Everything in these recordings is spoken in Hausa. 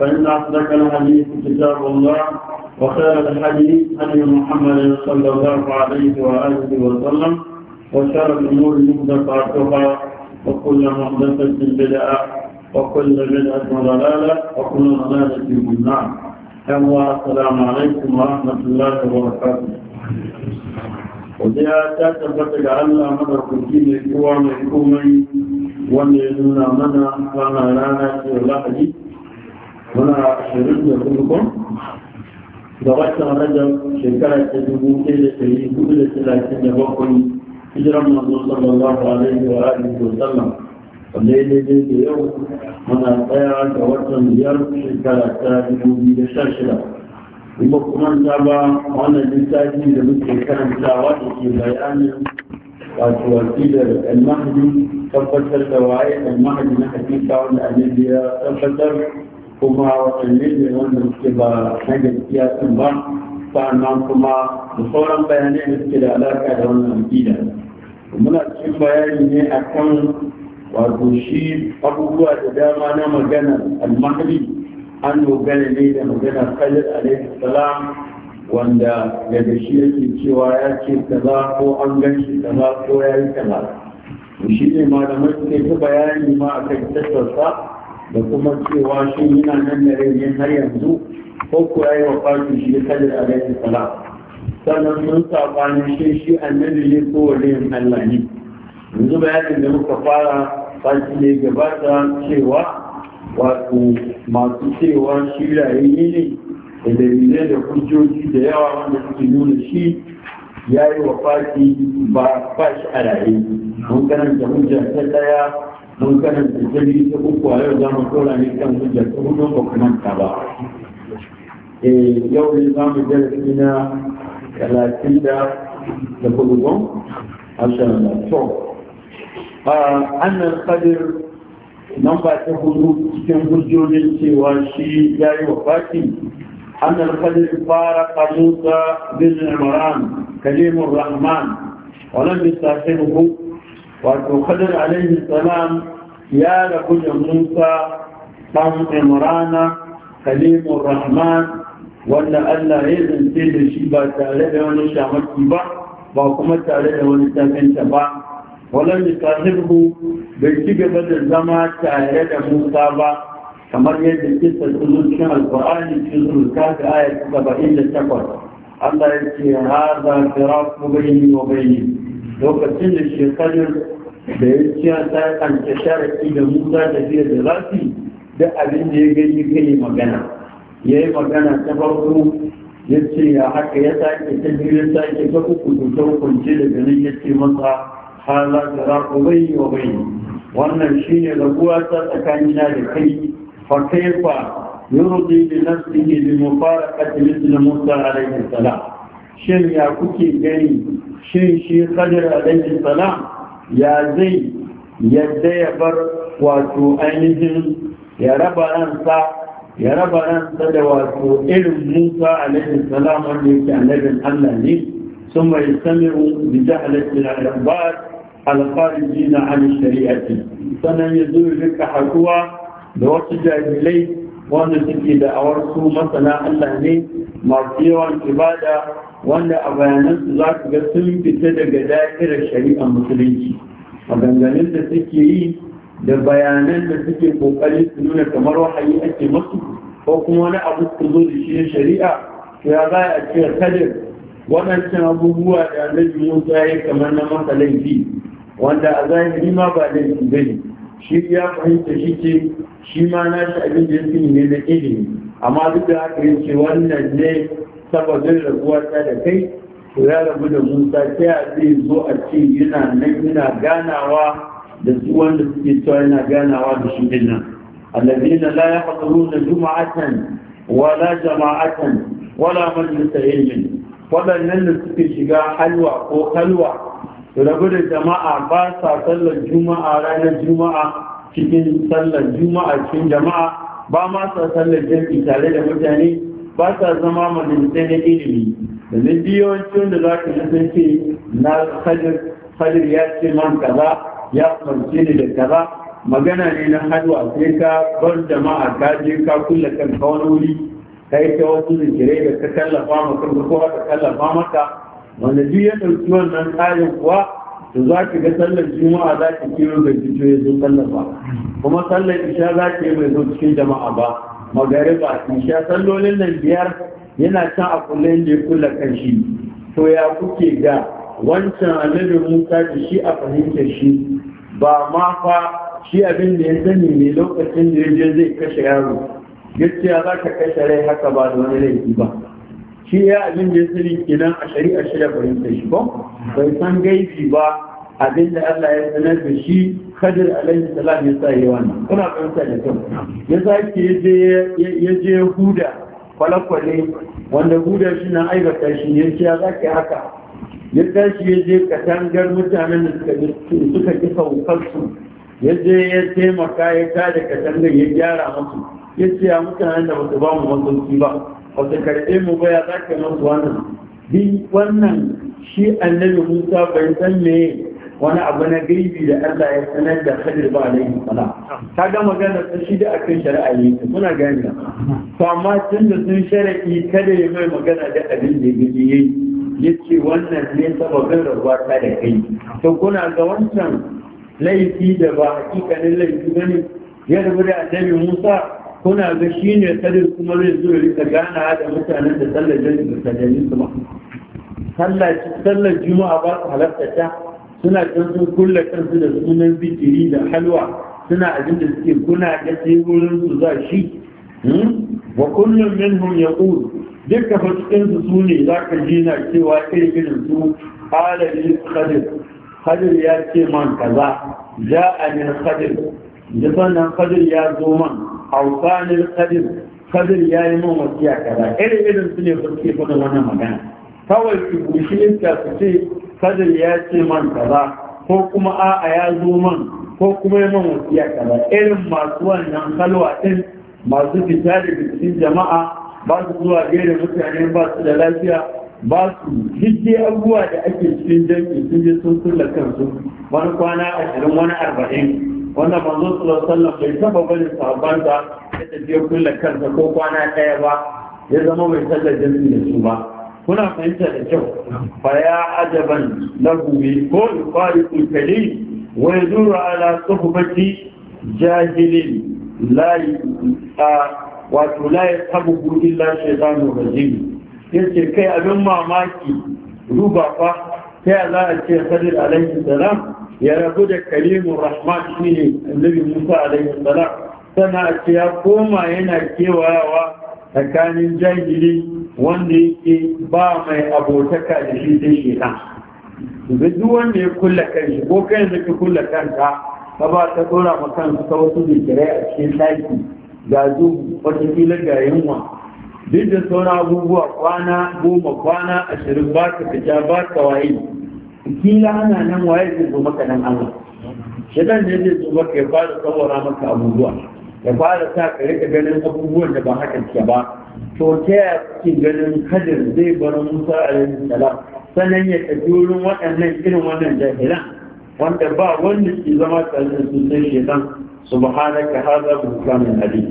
فإن أصدق الحديث كتاب الله وخير الحديث حديث محمد صلى الله عليه وآله وسلم وشر الأمور مهدفاتها وكل مهدفة بدعة وكل بدعة ضلالة وكل ضلالة في النار السلام عليكم ورحمة الله وبركاته وديها تثبت لعل مدر كتير الكوى من كومي وان يدونا منا فما لا نأتي الله حديث هنا شريط يقولكم دغشت رجب شكاية تجيبون كيدة تجيبون كيدة تلاتين يبقون هجرة من الله صلى الله عليه وآله وسلم الليلة دي دي يوم من الطيعة كورتن يرد شكاية تجيبون كيدة شاشرة يبقون انتبع وانا جلتاجي لبكي كان بتاواتي في بيان وكيدة المهدي تفتر توعية المهدي نحكي كاون الأمير بيها تفتر kuma waɗanne ne wanda suke ba na gaskiya ɗin ba sannan kuma da sauran bayanai da suke da alaƙa da wannan aƙida muna cikin bayani ne akan wato shi abubuwa da dama na magana almahdi an dogara ne da magana khalid alaihi salam wanda daga shi yake cewa ya ce kaza ko an gan shi kaza ko ya yi kaza shi ne malamai suke ta bayani ma a kan tattarsa da kuma cewa shi yana nan da rai har yanzu ko kuwa yi wa fashi shi kadir alaihi salam sannan mun saɓani shi shi annabi ne ko waliyin allah ne yanzu bayanin da muka fara fashi ne gabata cewa wato masu cewa shi rayayye ne da dalilai da hujjoji da yawa wanda suke nuna shi ya yi wa fashi ba fashi a raye mun karanta hujja ta ɗaya mun karanta jirgi ta uku a yau za mu tura ne kan hujjar ta hudu ba ku manta ba yau ne za mu darasi na talatin da da kudugon ashirin da to annan kadir nan ba ta hudu cikin hujjojin cewa shi ya yi wa fati annan kadir fara kamusa bin imran kalimur rahman ولم يصاحبه wato khadir alaihi salam ya da da musa ɗan imrana kalimun rahman wanda allah ya zance da shi ba tare da wani shamaki ba ba kuma tare da wani tafinta ba walar da bai ci gaba da zama tare da musa ba kamar yadda kisa tsunukin alfa'ani zurka da ayat 78 allah ya ce haza firaku bayni wa bayni lokacin da shekarun da ya ciya ta kanta da musa da biyar da zafi da abin da ya gani yi magana ya yi magana ta farko ya ce ya haka ya sake ta biyu ya sake ta uku to ta hukunce da ganin ya ce masa hala da bai wa bai wannan shi ne raguwa ta tsakanina da kai fa kaifa yurdi bi nafsihi bi mufaraqati mithla musa alayhi salam shin ya kuke gani shin shi khadir alaihi salam ya zai yadda ya bar wato ainihin ya raba ransa ya raba ransa da wato irin musa alaihi salam wanda yake annabin allah ne sun mai samiru bi jahalatin al-akhbar al-kharijin an shari'ati sannan ya zo rika haduwa da wasu jahilai wanda suke da awar su masana allah ne masu yawan ibada wanda a bayanansu za su ga sun fita daga da'irar shari'a musulunci a maganganun da suke yi da bayanan da suke kokari su nuna kamar wahayi ake masu ko kuma wani abu su zo da shi shari'a to ya za a ce kadir waɗancan abubuwa da annabi Musa ya yi kamar na masa laifi wanda a zahiri ma ba laifi ne. shi ya fahimta shi ce shi ma na shi abin da ya ne na ilimi amma duk da haka yake wannan ne sababin rabuwa ta da kai ya rabu da musa ta ya zai zo a ce yana nan yana ganawa da su wanda suke cewa yana ganawa da shi din nan allazina la na juma'atan la jama'atan la majlisa ilmin waɗannan da suke shiga halwa ko Kalwa, rabu da jama'a ba sa sallar juma'a ranar juma'a cikin sallar juma'a cikin jama'a ba ma sa sallar jami'i tare da mutane ba ta zama majalisai na ilimi domin yawanci da za ka nisan ce na hajjar ya ce man kaza ya farce ni da kaza magana ne na haduwa sai ka bar jama'a ka je ka kulle kan kawanoli wuri ka yi ta wasu zikirai da ka tallafa maka ko ka tallafa maka wanda duk ya ɗauki wannan tsarin kuwa to za ki ga sallar juma'a za ki kiro ga fito sallar ba kuma sallar isha za ki yi mai zo cikin jama'a ba magariba sha sallolin nan biyar yana can a kullum da ya kula kanshi to ya kuke ga wancan annabi musa da shi a fahimtar shi ba ma fa shi abin da ya sani ne lokacin da ya zai kashe yaro gaskiya za ka kashe rai haka ba da wani laifi ba shi ya abin da ya sani kenan a shari'a shirya fahimtar shi ba bai san gaibi ba abinda Allah ya sanar da shi Khadir alaihi salam ya sa yi wannan kuna fahimta da kyau ya sake ya je huda kwalakwale wanda huda shi na aibata shi ya ce ya zaki haka ya tashi ya je katangar mutanen da suka ki saukarsu ya je ya taimaka ya da katangar ya gyara musu ya ce ya mutanen da basu ba mu masauki ba ba su karɓe mu ba ya zaki musu wannan bi wannan shi annabi musa bai san me wani abu na gaibi da Allah ya sanar da Khadir ba alaihi salam ta ga magana ta shi da akan shari'a ne kuna gani to amma tun da sun shari'i kada ya mai magana da abin da gidi yayi yace wannan ne sababin rabuwa ta da kai to kuna ga wancan laifi da ba hakikanin laifi bane ya rabu da annabi Musa kuna ga shine Khadir kuma zai zo ya rika gana da mutanen da sallar jami'a da sallar juma'a ba su halarta ta suna can sun kulle kansu da sunan zikiri da halwa suna abin da suke kuna da sai wurin su za shi hmm? wa kullum ya yaqul duka fa cikin su za ka ji na cewa irin su qala ƙadir khadir ya ce man kaza a ne khadir da sannan khadir ya zo man awsanin ƙadir, ƙadir ya yi min wasiya kaza irin irin su ne suke faɗa wannan magana kawai su bushe iska su ce fadil ya ce man kaza ko kuma a'a ya zo man ko kuma ya man wasiya kaza irin masu wannan kalwa din masu fita da cikin jama'a ba su zuwa gere mutane ba su da lafiya ba su hidde abubuwa da ake cikin jami'i sun je sun sulla kansu wani kwana ashirin wani arba'in wanda manzo sallallahu sallam bai taba bane sahabban da ya tafiya kulla kansa ko kwana ɗaya ba ya zama mai sallar jami'i da su ba kuna fahimta da kyau fa ya ajaban lahu bi ko yuqaliqul kalim wa yaduru ala suhbati jahilin la wato la yasabu illa shaytanu rajim yace kai abin mamaki ruba fa kai za a ce sadir alaihi salam ya rabu da kalimun rahman shine annabi musa alaihi salam sana ce ya koma yana kewayawa tsakanin jahili wanda yake ba mai abotaka da shi sai shekan duk wanda ya kulla kanshi ko kai yanzu ka kulla kanka ka ba ta tsora ma kansu ta wasu zikirai a cikin ɗaki ga zu watakila ga yunwa duk da sauran abubuwa kwana goma kwana ashirin ba ka fita ba ka waye kila ana nan waye zai zo maka nan Allah shaitan ne zai zo maka ya fara tsawara maka abubuwa ya fara sa ka rika ganin abubuwan da ba haka ke ba to ta yaya kuke ganin kadir zai bar musa alaihi salam sannan ya tafi wurin waɗannan irin wannan jahilan wanda ba wanda ke zama tare da su sai shaitan subhanaka hadha bukamin ali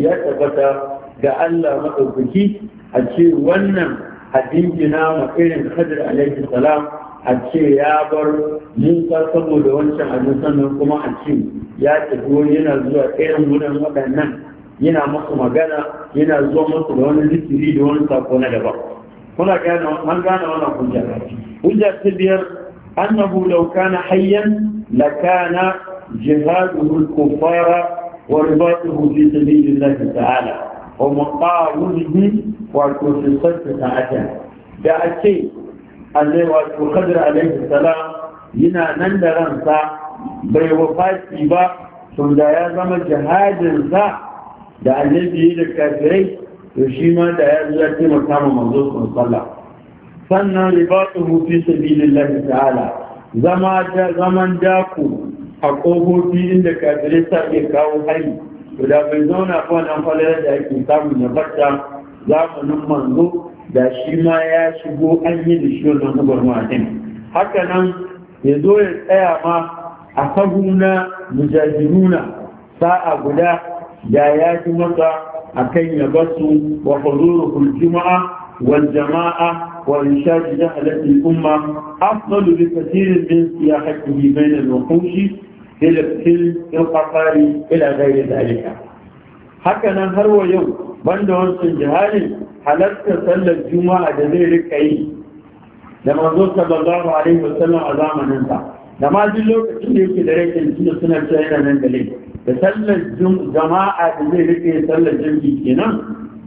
ya tabbata ga Allah madaukaki a ce wannan hadin jina ma irin kadir alaihi salam a ce ya bar musa saboda wancan abin sannan kuma a ce ya tafi yana zuwa irin wurin waɗannan yana masu magana yana zuwa masu da wani zikiri da wani sako na daban kuna gane man gane wannan hujja hujja ta biyar annahu law kana hayyan la kana jihaduhu al-kuffara wa ribatuhu fi sabilillah ta'ala wa muqawiluhu wa tusaqqa ta'ata da ake allai wato kadir alaihi salam yana nan da ransa bai wafati ba tun da ya zama jihadinsa da annabi da kafirai to shi ma da ya zo ya taimaka ma manzo sallah sannan ribatuhu fi sabilillahi ta'ala zama da zaman daku a ƙofofi inda kafirai sa iya kawo hari to da bai zauna ba nan falalar da ake samu ya barta zamanin manzo da shi ma ya shigo an yi da shi wannan gwagwarmaya din haka nan ya zo ya tsaya ma a sahuna mujajiruna sa'a guda da ya ji masa akan ya basu wa huzuruhul juma'a والجماعة وإنشاد جهلة الأمة أفضل بكثير من سياحته بين الوحوش إلى السلم القطار إلى غير ذلك haka nan har wa yau banda wancan jihadin halatta sallar juma'a da zai rika yi da manzo sallallahu alaihi wasallam a zamanin sa da ma duk lokacin da yake da rikin tunda suna cewa yana nan da da sallar jama'a da zai rika yi sallar jami'i kenan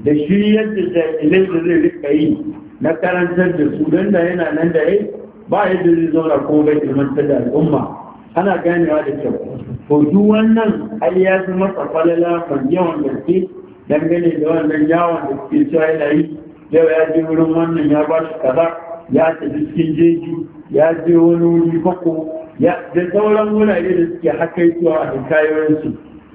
da shi yadda jahilai da zai rika yi na karantar da su don da yana nan da ba yadda zai zauna ko bai ilmantar da al'umma ana ganewa da kyau to duk wannan ai ya fi masa falala kan yawan gaske dangane da wannan yawon da suke cewa yana yi yau ya je wurin wannan ya ba shi kaza ya tafi cikin jeji ya je wani wuri bako ya da sauran wurare da suke zuwa a hikayoyinsu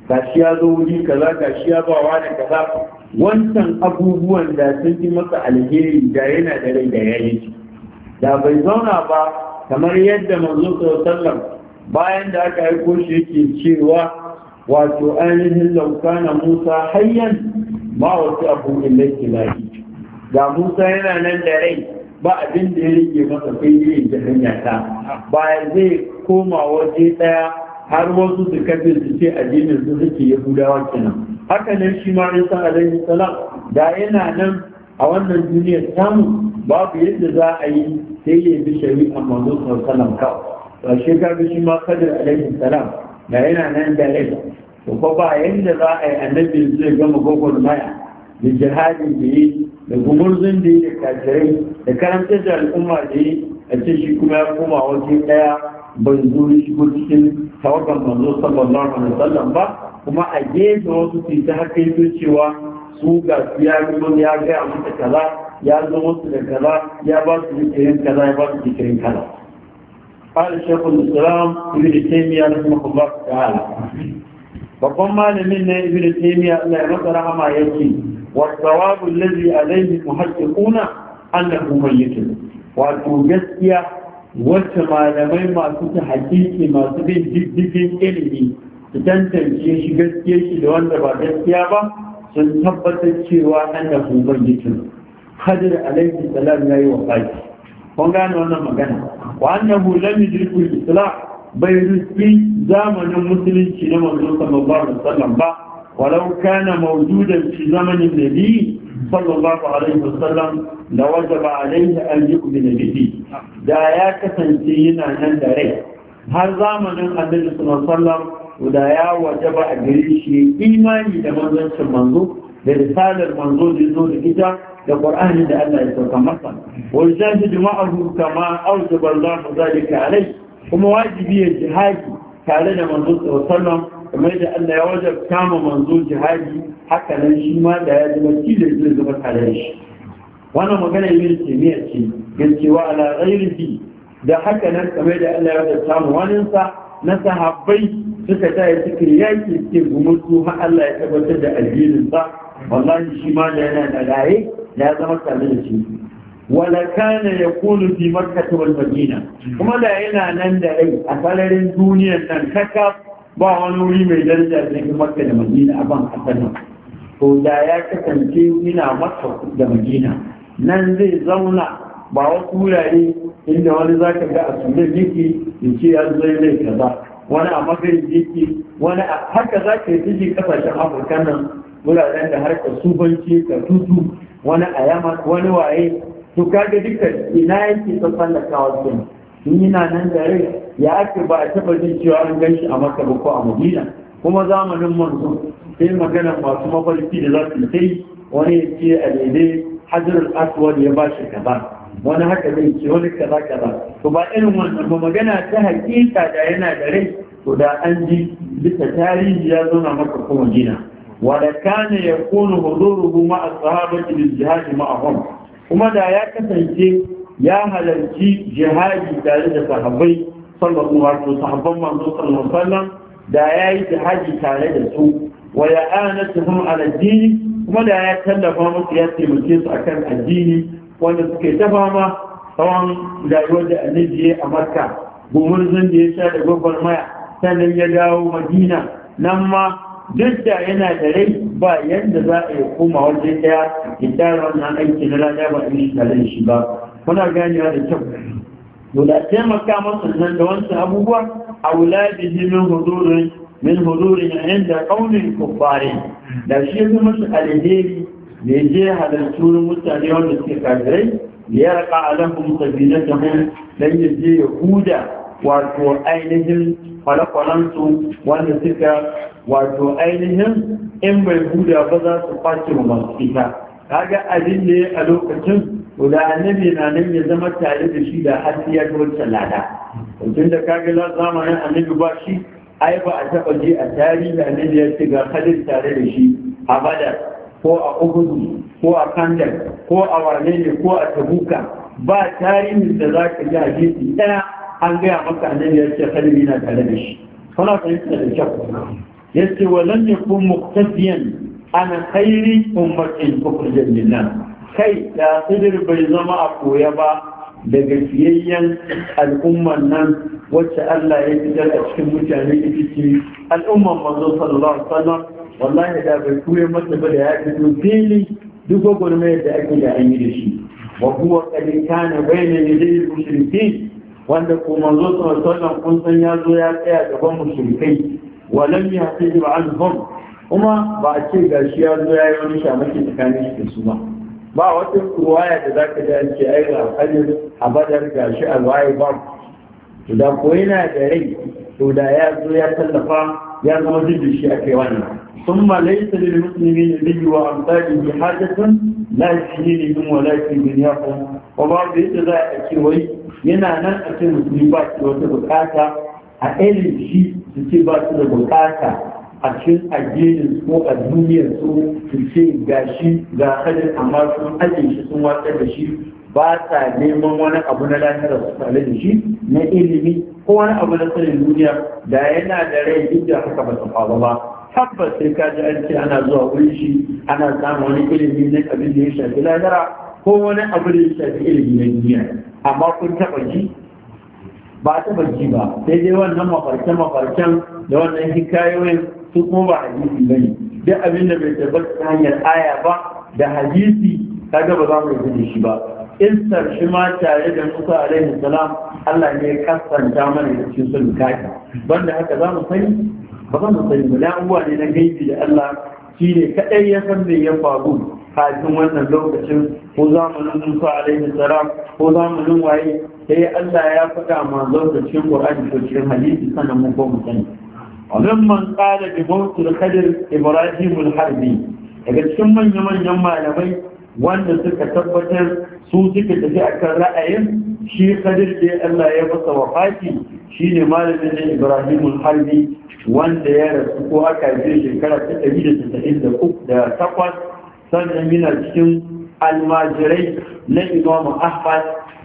ga shi ya zo wuri kaza ga shi ya ba wa da kaza wancan abubuwan da sun fi masa alheri da yana da rai da yayi da bai zauna ba kamar yadda manzo sallallahu bayan da aka haiko shi yake cewa wato ainihin laukana musa hayyan ma wasu abu ilai lafi ga musa yana nan da rai ba abin da ya rike masa kai irin ta hanya ta ba zai koma waje daya har wasu su kafin su ce addinin su suke yahudawa kenan haka nan shi ma isa alaihi salam da yana nan a wannan duniyar samu babu yadda za a yi sai ya bi shari'a manzo sallallahu alaihi kawai ba shi shi ma kadir alaihi salam na yana nan da rai to ko ba yadda za a yi annabi zai gama gogor maya da jihadin da yi da gumurzun da yi da kafirai da karantar da al'umma da yi a ce shi kuma ya koma wajen daya ban zo shi ko cikin tawakan manzo sallallahu alaihi wasallam ba kuma a gefe wasu su ta haka yi cewa su ga su ya ya gaya musu kaza ya zo musu da kaza ya ba su zikirin kaza ya ba su zikirin kaza قال شيخ الإسلام ابن تيمية رحمه الله تعالى babban malamin na ibn taymiya Allah ya masa rahama yake wa thawabu allazi alayhi muhaqqiquna annahu mayyitun wato gaskiya wacce malamai masu ta hakiki masu bin diddigin ilimi su tantance shi gaskiya shi da wanda ba gaskiya ba sun tabbatar cewa annahu mayyitun hadir alayhi salam yayi wafati kongani gane wannan magana wa annahu lam yudriku al-islam bai rufi zamanin musulunci na manzo sallallahu alaihi wasallam ba walau kana mawjudan fi zamanin nabi sallallahu alaihi wasallam da wajaba alaihi an yu'min bihi da ya kasance yana nan da rai har zamanin annabi sallallahu alaihi wasallam da ya wajaba a gare shi imani da manzancin manzo da risalar manzo da zo da ita da qur'ani da Allah ya sauka masa wa jahidu ma'ahu kama awjaba Allah zalika alai kuma wajibi ya jihadi tare da manzo sallallahu alaihi kamar da Allah ya wajen kama manzo jihadi haka nan shi ma da ya zama tilin zai zama tare da shi wannan magana yin kimiyya ce gaskiya ala ghairihi da haka nan kamar da Allah ya wajen kama waninsa na sahabbai suka taya suka yaki cikin gumutu har Allah ya tabbatar da addinin sa wallahi shi ma da yana da gaye ya zama tare da shi wala kana yakunu fi makkah wal madina kuma da yana nan da rai a sararin duniyar nan kaka ba wani wuri mai daraja da yake makka da madina a ban asalin to da ya kasance ina makka da madina nan zai zauna ba wasu wurare inda wani za ka ga a sunan jiki in ce ya zai zai kaza wani a magarin jiki wani a haka za ka yi kasashen afirka nan wuraren da harkar subanci ga tutu wani ayama wani waye to kaga duka ina yake wasu sun in yana nan da rai ya ake ba a taba jin cewa an gan a maka ba ko a madina kuma zamanin manzo sai magana masu mafarki da za su yi wani ya ce a daidai hajjar aswad ya ba shi kaza wani haka zai ce wani kaza kaza to ba irin wannan ba magana ta hakika da yana da rai to da an ji bisa tarihi ya zauna maka ko madina wanda kana ya kunu huduruhu ma ashabati lil jihad ma'ahum kuma da ya kasance ya halarci jihadi tare da sahabbai sallallahu alaihi wasallam sahabban manzo sallallahu alaihi wasallam da yayi jihadi tare da su wa ya anatuhum ala dini kuma da ya tallafa musu ya taimake su akan addini wanda suke ta fama tsawon rayuwar da annabi ya a makka gumurzun da ya sha da gwagwarmaya sannan ya dawo madina nan ma duk da yana da rai ba yadda za a yi koma wajen daya ya wannan aiki na rana ba a yi tare da shi ba kuna ganewa da kyau dole taimaka masa nan da wancan abubuwa a wuladihi min hudurin min hudurin inda kaunin kuffari da shi ya zama shi alheri da ya je halartu mutane wanda suke kafirai ya raka alahum sabilatahum dan ya je ya huda wato ainihin kwale-kwalensu wanda suka wato ainihin in bai huda ba za su kwace wa masu ita kaga abin da ya a lokacin da annabi na nan ya zama tare da shi da har ya ga lada tun da kaga la zamanin annabi ba shi ai ba a taba je a tarihi annabi ya ce ga tare da shi a badar ko a uhudu ko a kandar ko a warne ko a tabuka ba tarihin da za ka ji a ɗaya an gaya maka annabi ya ce na tare da shi kuna fahimta da kyau ya ce wa lam yakun muqtadiyan ana khairi ummatin ukhrijat lin kai da sidir bai zama a koya ba daga fiyayyen al'ummar nan wacce Allah ya fitar a cikin mutane ita al'umman manzo sallallahu alaihi wasallam wallahi da bai kure masa ba da ya fito fili duk gwagwarmayar da ake da an yi da shi wa huwa qad kana bayna yadayil mushrikin wanda ko manzo sallallahu kun san ya zo ya tsaya gaban mushrikai wa lam yahtijib anhum kuma ba a ce gashi ya zo ya yi wani shamaki tsakanin shi da su ba ba wata ruwaya da zaka ji an ce ai a hajjar abadar gashi alwaye ba da ko yana da rai to da ya zo ya tallafa ya zama jirgin shi a kai wannan ثم ليس للمسلمين به وأمثاله حاجة لا في دينهم yadda za a وبعض يتذاكر yana nan a cikin musulmi ba shi wata bukata a ɗayan shi su ce ba su da bukata a cikin addinin ko a duniyar su su ce ga shi ga hajji amma sun ajiye shi sun watsar da shi ba sa neman wani abu na lahira su tare da shi na ilimi ko wani abu na sanin duniya da yana da rai duk da haka ba su faru ba tabbas sai ka ji an ce ana zuwa wurin shi ana samun wani ilimi na abin da ya shafi lahira ko wani abu da ya shafi ilimi na duniya amma kun taɓa ji ba ta ji ba sai dai wannan mafarken mafarken da wannan hikayoyin su kuma ba hadisi ba duk abin da bai tabbata ta hanyar aya ba da hadisi kaga ba za mu yi shi ba istar shi ma tare da musa alaihi salam Allah ne ya kasanta mana da cikin sun kaki banda haka za mu sani ba za mu sani ba da uwa ne na gaibi da Allah shi ne kaɗai ya san me ya faru kafin wannan lokacin ko zamanin Musa alaihi salam ko zamanin waye sai Allah ya faɗa ma lokacin Qur'ani ko cikin hadisi sanan mun ko mun sani mimman qala bi mawtul qadir Ibrahim al-Harbi daga cikin manyan manyan malamai wanda suka tabbatar su suka tafi akan ra'ayin shi kadir da Allah ya masa wafati shine malamin na Ibrahim al-Harbi wanda ya rasu ko aka yi shekara ta 193 sannan yana cikin almajirai na imam ahmad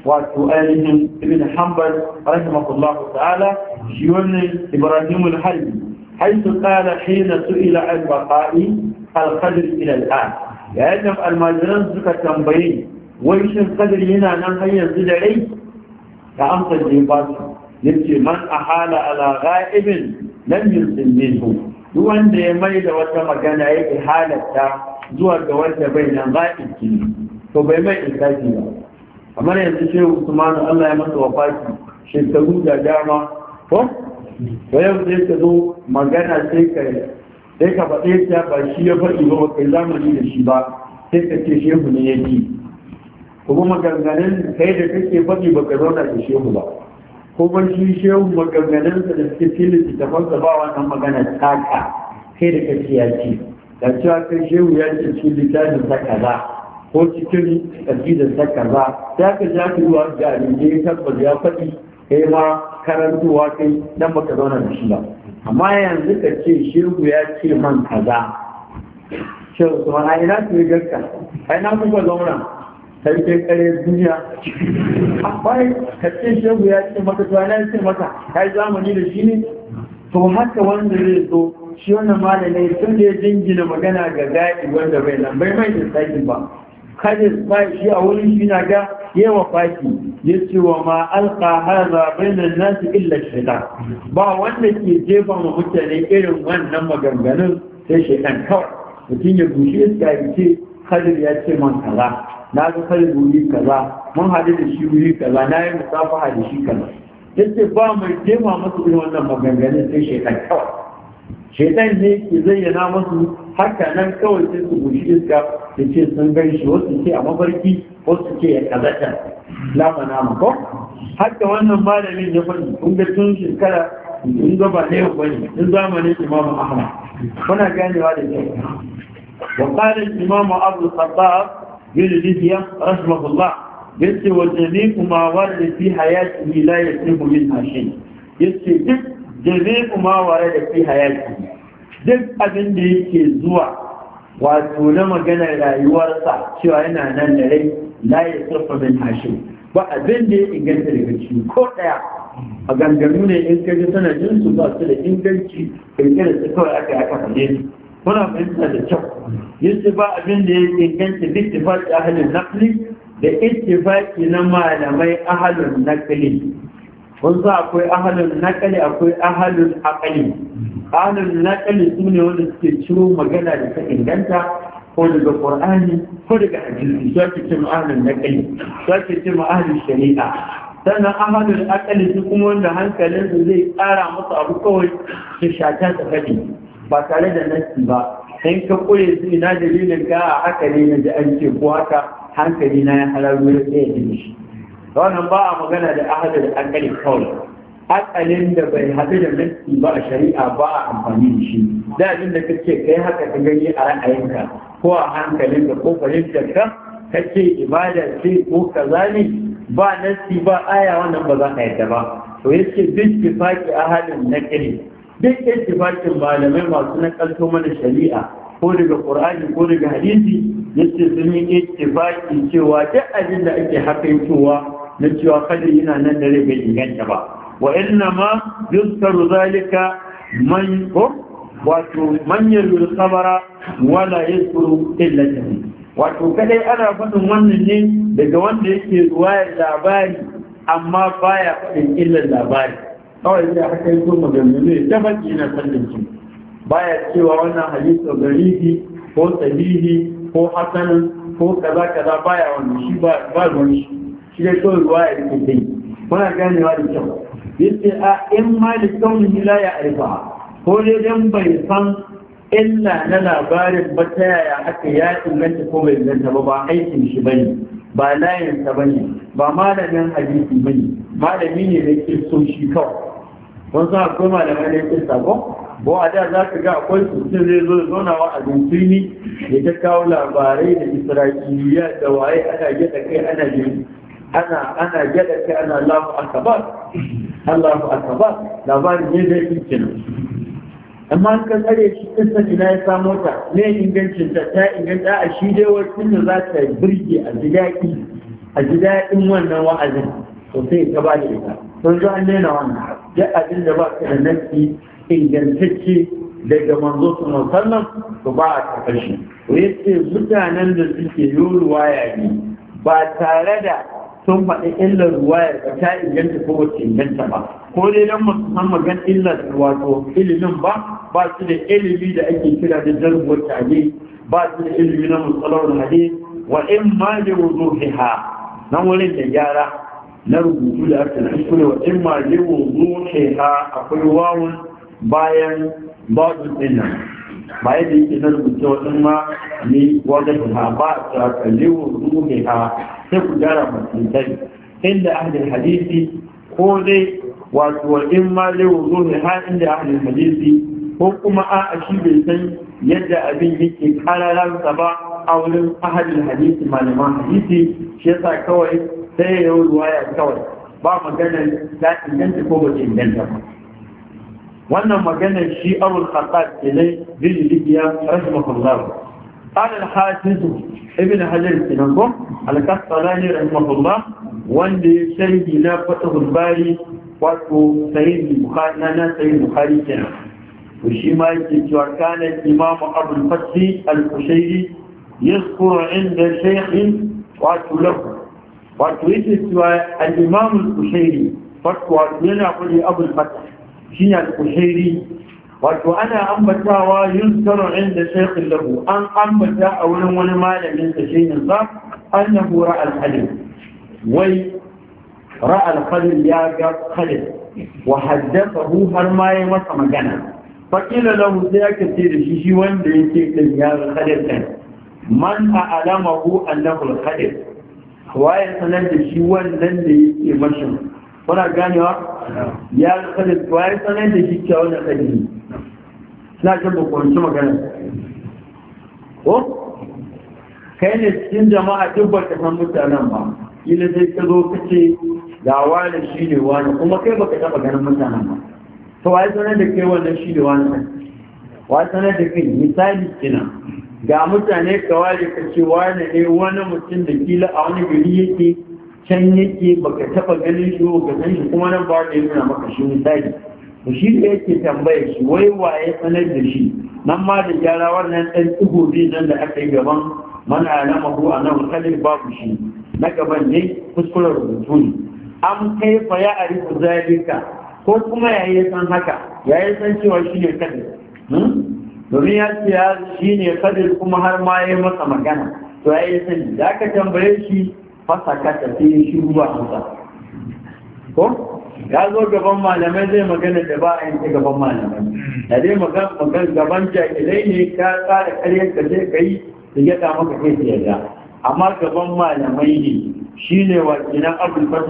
wato ainihin ibn hanbal rahimahullahu ta'ala shi wannan ibrahim al-harbi haythu qala hina su'ila al-baqa'i al-qadr ila al-an ya yadda almajiran suka tambaye wai shin qadr yana nan har yanzu da rai da amsar da ba su yace man ahala ala ghaibin lam yusin minhu duk wanda ya mai da wata magana ya ihalata zuwa ga wanda bai nan ba ikini to bai mai ikaki ba kamar yanzu shehu usmanu Allah ya masa wafaki shekaru da dama ko to yau sai ka zo magana sai ka sai ka faɗe ta ba shi ya faɗi ba ba kai zamani da shi ba sai ka ce shehu ne yake kuma maganganun kai da kake faɗi ba ka zauna da shehu ba kuma shi shehu maganganunsa da suke filin littafansa ba wannan magana taka kai da kake ya ce da cewa kai shehu ya ce cikin littafin sa kaza ko cikin ƙasidar sa kaza ya ka ja ka yi wa jari ne ya tabbata ya faɗi kai ma karantowa kai dan baka zauna da shi ba amma yanzu ka ce shehu ya ce man kaza ce su ai na su gaska? ai na kuka zauna sai kai kare duniya Amma ka ce shehu ya ce maka to ina ya ce maka kai zamani da shi ne to haka wanda zai zo shi wannan malamai sun da ya jingina magana ga gaɗi wanda bai nan bai mai saki ba kada ba shi a wurin shi na ga yawa faki ya ce wa ma alka haza bainan nasu illa shaitan ba wanda ke jefa ma mutane irin wannan maganganun sai shaitan kawai mutum ya bushe iska ya ce kadir ya ce man kaza na ga kadir wuri kaza mun haɗu da shi wuri kaza na yi musafaha da shi kaza ya ba mai jefa masu irin wannan maganganun sai shaitan kawai shaitan ne ke zayyana masu haka nan kawai sai su guji iska da ce sun gan shi wasu ce a mafarki wasu ce ya kazata lama na mako? haka wannan malamin ya faɗi kun ga tun shekara in ga ba ne ba ne in zamanin imamu ahmad kuna ganewa da kyau wa qala imamu abu sabab bin lidiya rahimahullah yace wa jami'u ma warada fi hayatihi la yasibu min ashay yace duk jami'u ma ware da fi hayaki duk abin da yake zuwa wato na maganar rayuwarsa cewa yana nan da rai la ya sarfa min hashi ba abin da ya inganta daga ciki ko daya a gangaru ne in ka ji jin su ba su da inganci kirkira su kawai aka aka fade su kuna fahimta da kyau yace ba abin da ya inganta duk tifaqi ahlin naqli da ittifaqi na malamai ahlin naqli kun sa akwai ahalin naƙali akwai ahalin Akali. ahalin naƙali su ne wanda suke ciro magana da ta inganta ko daga ƙur'ani ko daga hadisi su ake cin ahalin naƙali su ake cin ahalin shari'a sannan ahalin Akali su kuma wanda hankalin su zai ƙara musu abu kawai su shata ta faɗi ba tare da nasi ba in ka ƙure su ina dalilin ga a haka ne na da an ce ko haka hankali na ya halarwa ya ɗaya da shi da wannan ba a magana da ahadin akali kawai akalin da bai haɗu da nassi ba a shari'a ba a amfani da shi da abin da kake kai haka ka gani a ra'ayinka ko a hankalin da ko fahimtar ka kace ibada ce ko kaza ne ba nasi ba aya wannan ba za ka yadda ba to yake duk tifaki ahadin nakali duk ittifakin malamai masu nakalto mana shari'a ko daga ƙur'ani ko daga hadisi yake sun yi ittifaki cewa duk abin da ake cewa. na cewa kada yana nan da bai inganta ba wa inna ma yuskaru zalika man wato man yarju sabara wala yuzkuru illa wato kadai ana faɗin wannan ne daga wanda yake ruwa labari amma baya faɗin illar labari kawai sai aka yi kuma gangane ta baki na sallaci baya cewa wannan hadisi garibi ko sahihi ko hasanin ko kaza kaza baya wannan shi ba ruwan shi shi dai kawai ruwa ya rike dai muna ganewa da kyau yace a in ma da kauni la ya arifa ko dai dan bai san illa na labarin ba ta yaya aka ya inganta ko bai inganta ba ba aikin shi ne, ba layinsa bane ba malamin hadisi ne. malami ne da yake so shi kawai wasu akwai malamai da yake sako Ba a da za ka ga akwai sosai zai zo zauna wa a ne ya ta kawo labarai da isra'iliya da waye ana gida kai ana gini ana ana gyada kai ana Allahu akbar Allahu akbar labarin ne zai fi kenan amma an ka tsare shi kisa ina ya samo ta ne ingancin ta ta inganta a shi dai wacin da za ta birge a ji a ji wannan wa'azin to sai ka ba da ita sun zo an daina wannan duk abin da ba ka da nasi ingantacce daga manzo su musallam to ba a karɓar shi to yace mutanen da suke yoruwa yayi ba tare da sun faɗi illar ruwa ba ta inganta ko wacce inganta ba ko dai don musamman magan illar wato ilimin ba ba su da ilimi da ake kira da jarumar tare ba su da ilimi na matsalar hade wa in ma da wuzo ha nan wurin da gyara na rubutu da aka kuma wa in ma da wuzo ha akwai wawun bayan babu dinnan ba yadda yake na rubuta wajen ma ne wajen ha ba a kallewa mai ha sai ku gyara masulitai inda ahlin hadisi ko zai wato wa in ma lewa ha inda ahlin hadisi ko kuma a shi bai san yadda abin yake kararansa ba a wurin ahalin hadisi malaman hadisi shi yasa kawai sai ya yi ruwaya kawai ba maganar ta inganta ko ba ta inganta ba wannan maganar shi abul khattab بن bin رحمه rahimahullah قال الحافظ ابن حجر سننكم الكسلاني رحمه الله وندي سيدي لا فتح الباري واتو سيد البخاري انا سيد البخاري كنا وشي ما كان الامام ابو الفتح القشيري يذكر عند شيخ واتو له واتو الامام القشيري فتوى لنا ابو الفتح shi ne wato ana ambatawa yin saro'in da shaikhin lahu an ambata a wurin wani malamin sa shi ne an na hura al wai ra'al hadir ya ga hadir wa haddasahu har ma masa magana fakila lahu sai aka ce da shi shi wanda yake din ya ga hadir din man a alamahu annahu al-hadir sanar da shi wannan da yake mashin kuna ganewa ya ga kadin su. Waye sanar da shi kyawun da kadin na ga bukwanci magana ko kai ne cikin jama'a duk ba san mutanen ba ila sai ka zo ka ce ga wani shi ne wani kuma kai baka taba ganin mutanen ba to wai sanar da kai wannan shi ne wani wai sanar da kai misali kina ga mutane ka ware ka ce wani ne wani mutum da kila a wani gari yake can yake baka taba ganin shi ba ganin shi kuma nan ba da yana maka shi misali to shi da yake tambaye shi wai waye sanar da shi nan ma da gyara wannan dan bi nan da aka yi gaban mana na mahu a nan kalin babu shi na gaban ne kuskuren rubutu ne an kai fa ya arifu zalika ko kuma yayi san haka yayi san cewa shi ne kadir hmm? domin ya ce shi ne kadi kuma har ma ya masa magana to yayi san da aka tambaye shi fasakata sai ya shiru ba ko ya zo gaban malamai zai magana da ba a yanke gaban malamai da dai magana gaban jahilai ne ka tsara karyar ka zai kai da ya ta maka kai yarda amma gaban malamai ne shine wa ina abul a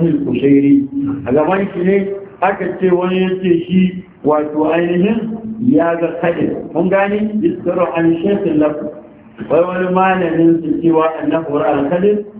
gaban shi ne aka ce wani ya ce shi wato ainihin ya ga kadin kun gane iskaro an shekin lafi wai wani malamin su cewa annahu ra'al kadin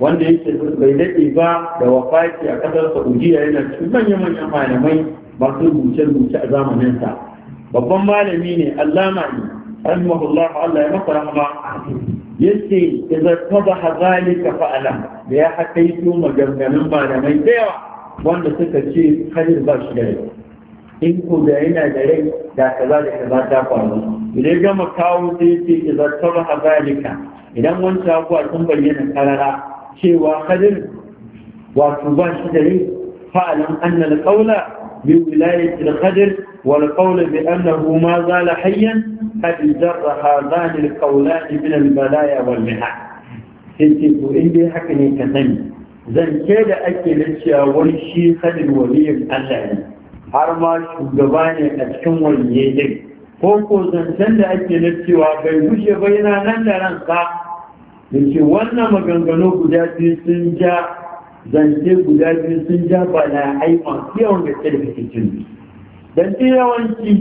wanda yake bai daɗe ba da wafaki a ƙasar saudiya yana cikin manyan manyan malamai masu rubuce-rubuce a sa babban malami ne allama ne rahimahullah Allah ya masa rahama yace idza fadaha zalika fa'ala da ya haka yi maganganun malamai da yawa wanda suka ce hadir ba shi da rai in ko da yana da rai da kaza da kaza ta faru idan gama kawo sai yace idza fadaha zalika idan wancan abuwa sun bayyana karara cewa kadir wato ba shi da yin fa'alan annal qawla bi wilayati al-qadr wal qawla bi annahu ma zala hayyan haɗin jarra hadhan al-qawlan min al-balaya wal mihan sai ce ko in dai haka ne ka sani ke da ake na cewa wani shi kadir waliyin Allah ne har ma shugaba ne a cikin waliyyai ko ko zancen da ake na cewa bai gushe bai na nan da ranka yake wannan maganganu guda biyu sun ja zance guda biyu sun ja ba na haifa yawan da ke da cikin dan ce yawanci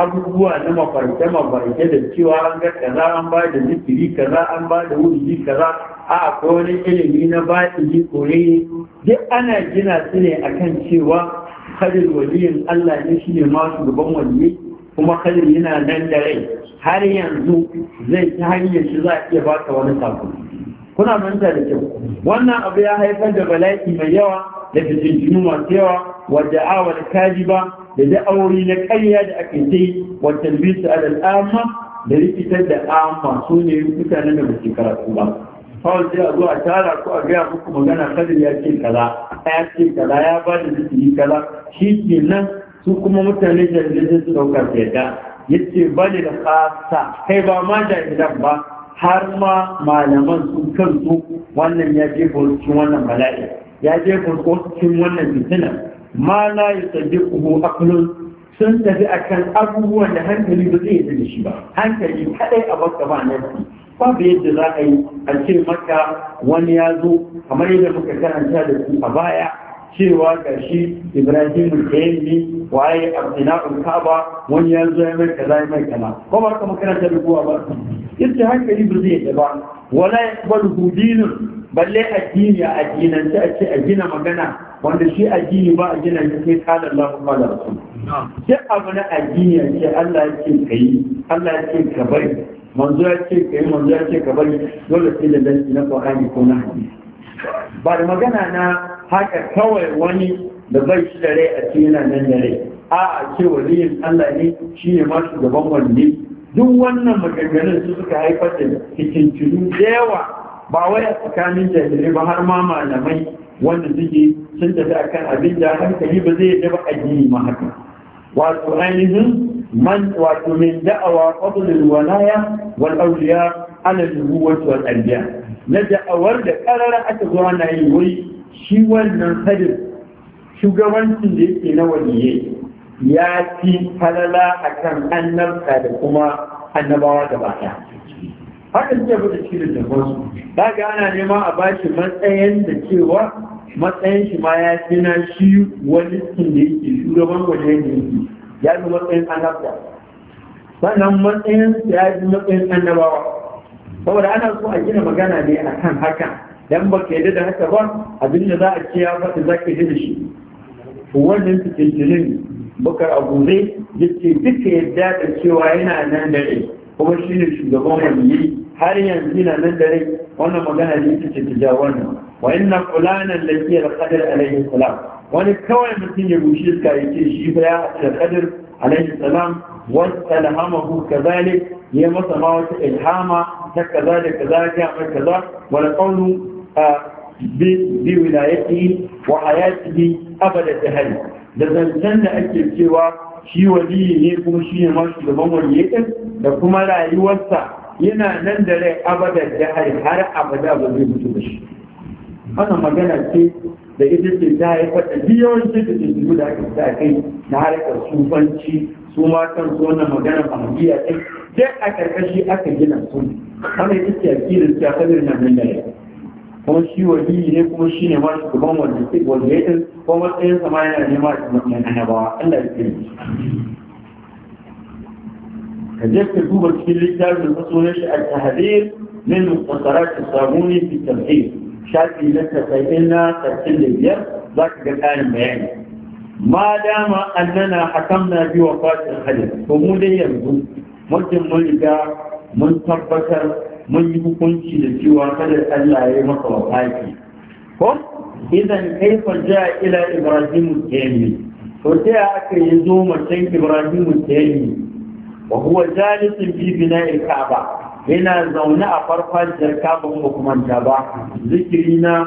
abubuwa na mafarke mafarke da cewa an ga kaza an ba da zikiri kaza an ba da wuri kaza a ko wani ilimi na baɗi koyi duk ana gina su ne akan cewa kadin waliyin Allah ne shine masu gaban waliyi kuma Khalil yana nan da rai har yanzu zai ta hanyar shi za a iya baka wani sako kuna manta da kyau wannan abu ya haifar da bala'i mai yawa da fitintunu masu yawa wa da'awar kajiba da da'awari na ƙarya da ake ce wa talbisu alal da rikitar da amma su ne mutanen da basu karatu ba kawai sai a zo a tara ko a gaya muku magana kadir ya ce kaza ya ce kaza ya ba da zikiri kaza shi ke nan su kuma mutane da jahilai su dauka su yadda yace ne da kasa kai ba ma idan ba har ma malaman su kansu wannan ya je cikin wannan bala'i ya je cikin wannan fitina ma na yi la yusaddiquhu akulun sun tafi akan abubuwan da hankali ba zai yi da shi ba hankali kadai a baka ba nan babu yadda za a yi a ce maka wani ya zo kamar yadda muka karanta da su a baya cewa ga shi ibrahim kayyami waye abdina ulkaba wani ya zo ya mai kaza ya mai kaza ko ba ka makaranta da kowa ba ita hankali ba zai yi ba wala ya yaqbalu hudinun balle addini a addinance a ce a gina magana wanda shi addini ba a gina shi sai kala Allah kuma da rasul sai abu na addini a ce Allah ya ce kai Allah ya ce ka bari manzo ya ce kai manzo ya ce ka bari dole sai da dalili na Qur'ani ko na hadisi ba da magana na haka kawai wani da bai shi da rai a ce nan da rai a a ce waliyin Allah ne shi ne ma shugaban wanne duk wannan maganganun su suka haifar da cikin da yawa ba wai a tsakanin jahilai ba har ma malamai wanda suke sun tafi akan abin da hankali ba zai yadda ba addini ma haka wato ainihin من ومن دعوى فضل Na والأولياء da النبوة والأنبياء ندعوى لقرر أتزوانا wuri? shi wannan hadin shugabancin da yake na waliye ya fi halala a kan annabta da kuma annabawa da baya haka suke bude shi da ba ga ana nema a bashi matsayin da cewa matsayin shi ma ya ce na shi wani sun da yake shugaban waje ne ya fi matsayin annabta sannan matsayin ya fi matsayin annabawa saboda ana so a gina magana ne a kan hakan dan ba ka yadda da haka ba abin da za a ce ya faɗi za ka da shi wannan fitintunin bakar abu yake duka yadda da cewa yana nan da rai kuma shi ne shugaban waliyi har yanzu yana nan da rai wannan magana ne ita ce ta wannan wa inna fulanan da ke alƙadar alaihi salam wani kawai mutum ya rushe iska ya ce shi fa ya alƙadar alaihi salam wata lahamahu ya masa ma wata ilhama ta kaza da kaza ya mai kaza wani qawlu biwilayatihi wa hayatihi abada jahari da zancen da ake cewa shi waliyi ne kuma shi ne ma shugaban waliyatin da kuma rayuwarsa yana nan da rai abada jahari har abada ba zai mutu da shi ana magana ce da ita ce ta haifar da biyawancin da ke da ake sa kai na harkar sufanci su ma kan su wannan magana fahimiyya ce sai a ƙarƙashi aka gina su wani ita ce a kirin ta kabir na nan da rai kuma shi wali ne kuma shi ne ma shugaban wanda ke wanda ya ɗin ko matsayin sama yana nema da matsayin annabawa Allah ya kire shi ka je ka duba cikin littafin da sunan shi al-tahdir min muqtasarat as-sabuni fi tamhid shafi na tasa'in na tasa'in da biyar za ka ga ƙarin bayani ma dama annana hakamna bi wafatin hadith to mu dai yanzu mutum mun riga mun tabbatar mun yi hukunci da cewa kada Allah ya yi maka wafaki ko idan kaifa ja ila ibrahim taymi to sai aka yi zo mutan ibrahim taymi wa huwa jalisun fi bina'il ka'aba yana zaune a ba mu kuma ba zikiri na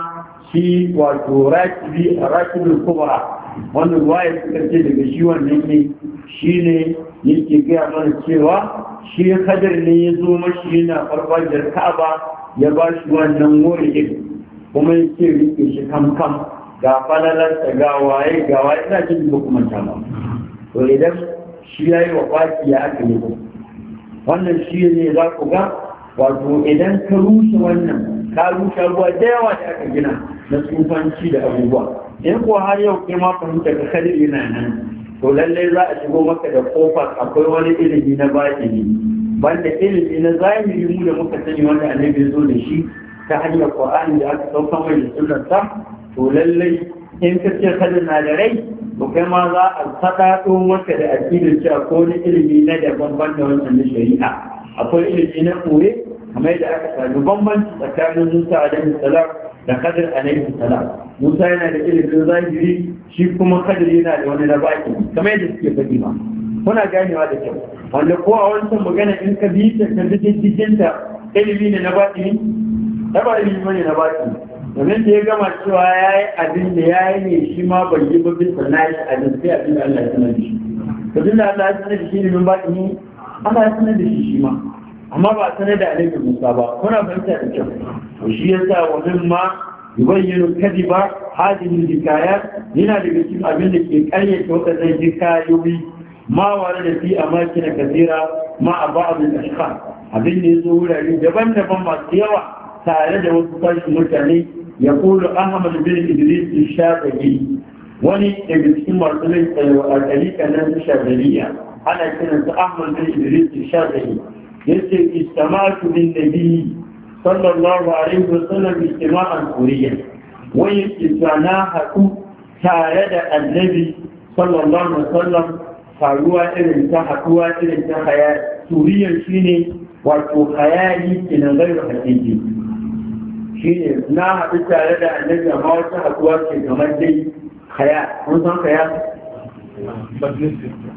shi wato rakibul kubra wannan ya suka ce daga shi wannan ne shi ne yake gaya mana cewa shi kadar ne ya zo mashi yana farfajiyar ka'aba ya ba shi wannan wuri kuma ya ce rike shi kam kam ga falalarsa ga waye ga waye ina jin ba kuma ta ba to idan shi ya yi wa baki ya aka yi wannan shi ne za ku ga wato idan ka rushe wannan ka rushe ruwa da yawa da aka gina na tsufanci da abubuwa in kuwa har yau kai ma fahimta ka kadir yana nan to lallai za a shigo maka da kofar akwai wani ilimi na batini banda ilimi na zahiri mu da muka sani wanda annabi ya zo da shi ta hanyar qur'ani da aka sauka mai da sunnarsa to lallai in ka ce kadir na da rai to kai ma za a sadaɗo maka da addinin cewa ko wani ilimi na daban banda wannan na shari'a akwai ilimi na koye kamar da aka sami bambanci tsakanin Musa da salam da kadir alaihi salam musa yana da da zahiri shi kuma kadir yana da wani na baki kamar yadda suke faɗi ma kuna ganewa da kyau wanda ko a wancan magana in ka bi ta ka jirgin cikin ta ilimi ne na baki ta ba ilimi ne na baki domin da ya gama cewa ya yi abin da ya yi ne shi ma ban yi babin sa na yi abin sai abin da Allah ya sanar da shi. Kudin da Allah ya sanar da shi ne min baki Allah ya sanar da shi shi ma. amma ba sanar da annabi Musa ba kuna fahimta da kyau to shi yasa wannan ma yubayyinu kadiba hadin hikayat yana daga cikin abin da ke karyata wadannan hikayoyi ma ware da fi a na kasira ma a ba abin da ashka abin da ya zo wurare daban-daban masu yawa tare da wasu sashen mutane ya kulu ahmad bin idris shafi'i wani daga cikin masu lai tsayo a ɗariƙa na shafi'iyya ana kiransa ahmad bin idris shafi'i يجي استماع للنبي صلى الله عليه وسلم استماع القرية ويستمع حكو تارد النبي صلى الله عليه وسلم فهو إذن تحكوا إذن تحيا سوريا شيني وفو خيالي كنا غير حسيني شيني نا حكو النبي أمار تحكوا كنا مجدي خيال ونصان خيال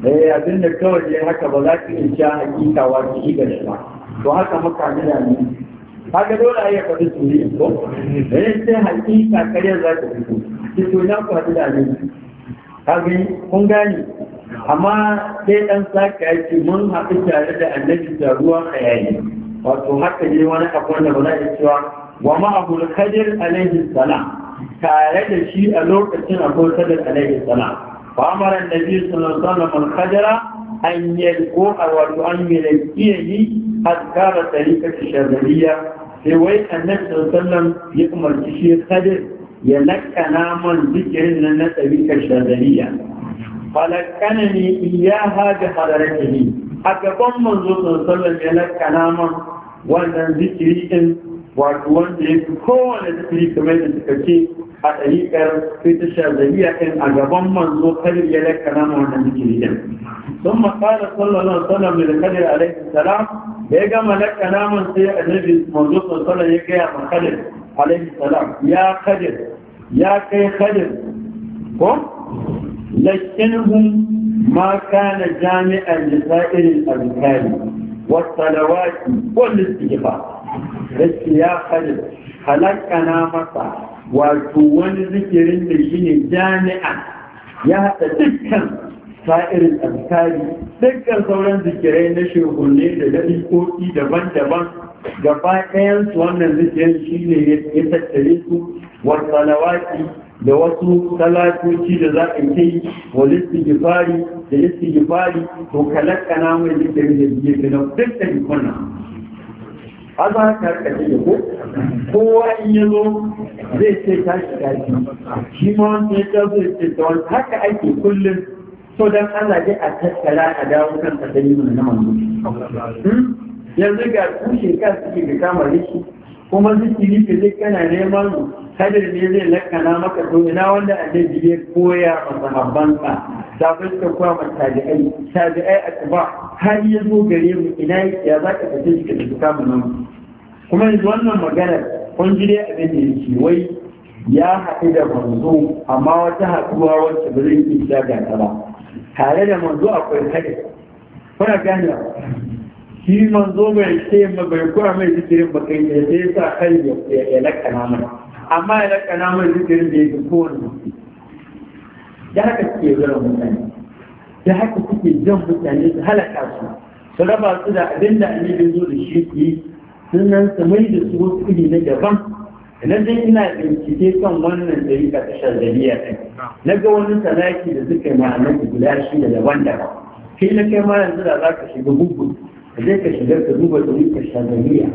eh abin da kawai ya haka ba za ki in sha hakika wa ki ga shi ba to haka muka ne da ni haka dole ai ya faɗi su ne ko eh sai hakika kare za ta fito ki to na ku haɗu da ni kaga kun gani amma sai dan saka yake mun haɗu tare da annabi da ruwan hayani wato haka ne wani abu wanda ba za a cewa wa ma'ahu al-khadir alaihi salam tare da shi a lokacin abu khadir alaihi salam فأمر النبي صلى الله عليه وسلم الخجرة أن يلقوها وأن يلقيه أذكار طريقة الشاذلية في وين النبي صلى الله عليه وسلم يقمر بشيء خجر يلقى ناما ذكر لنا طريقة الشاذلية فلكنني إياها بحضرته أكبر من صلى الله عليه وسلم يلقى ناما وأن ذكر وأن wanda ya fi kowane zikiri a ɗariƙar fitisha zariya ɗin a gaban manzo kar ya laka nan wannan zikiri ɗin sun makara sallallahu sallam da kadir alaihi salam da ya gama laka naman sai annabi manzo sallallahu ya gaya ma kadir alaihi salam ya kadir ya kai kadir ko lakinhum ma kana jami'an lisa'ir al-azkari والصلوات والاستغفار بس يا خالد خلقنا مصر wato wani zikirin da shi ne jami'a ya haɗa dukkan sa'irin alkali dukkan sauran zikirai na shekunne da na daban-daban gaba ɗayansu wannan zikirin shi ne ya tattare su wasalawati da wasu talatoci da za a kai wa listigifari da listigifari to kalakka na mai zikirin da biye da dukkan kwanan an ba ka rika ji ko kowa in ya zo zai ce tashi tashi shi ma wanda ya zai ce ta wani haka ake kullum so dan Allah dai a tattara a dawo kan asali mun na manzo hmm? yanzu ga tushe ka suke da kamar rishi kuma zikiri ke zai kana neman kadir ne zai lakana maka to ina wanda annabi ya koya masa habbansa da fuska kuma matabi'ai tabi'ai har yi zo gare mu ina ya za ka tafi shi ka tafi kama nan kuma yanzu wannan maganar kun ji dai abin da yake wai ya haɗu da manzo amma wata haɗuwa wacce ba zai iya ga ba tare da manzo akwai haɗe kuna gane shi manzo bai ce ma bai kura mai zikirin ba kai ne sai sa kai ya lakana mai amma ya lakana mai zikirin da ya fi kowane ya haka ke zura mutane da haka kuke jan mutane su halaka su su raba su da abin da annabi zo da shi ku yi sunan su mai da su wasu iri na daban na dai ina bincike kan wannan dariƙa ta shazariya ɗin na ga wani salaki da suka yi ma'anar guda shi da daban daban kai na kai ma yanzu da za ka shiga gugu ka je ka shiga ka duba dariƙa shazariya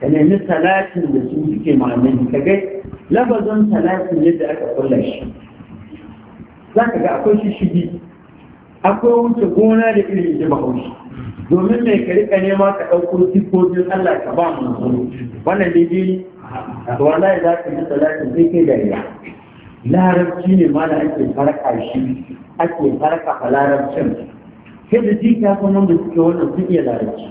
ka nemi salatin da su suke ma'anar ka ga labazon salatin yadda aka kulla shi za ka ga akwai shi shigi akwai wuce gona da irin ji bahaushe domin mai karika ne nema ka ɗauko sifofin Allah ka ba mu wannan ne za ka yi salatin sai kai larabci ne ma da ake farka shi ake farka larabcin sai da ji ka kuma da suke wannan sun iya larabci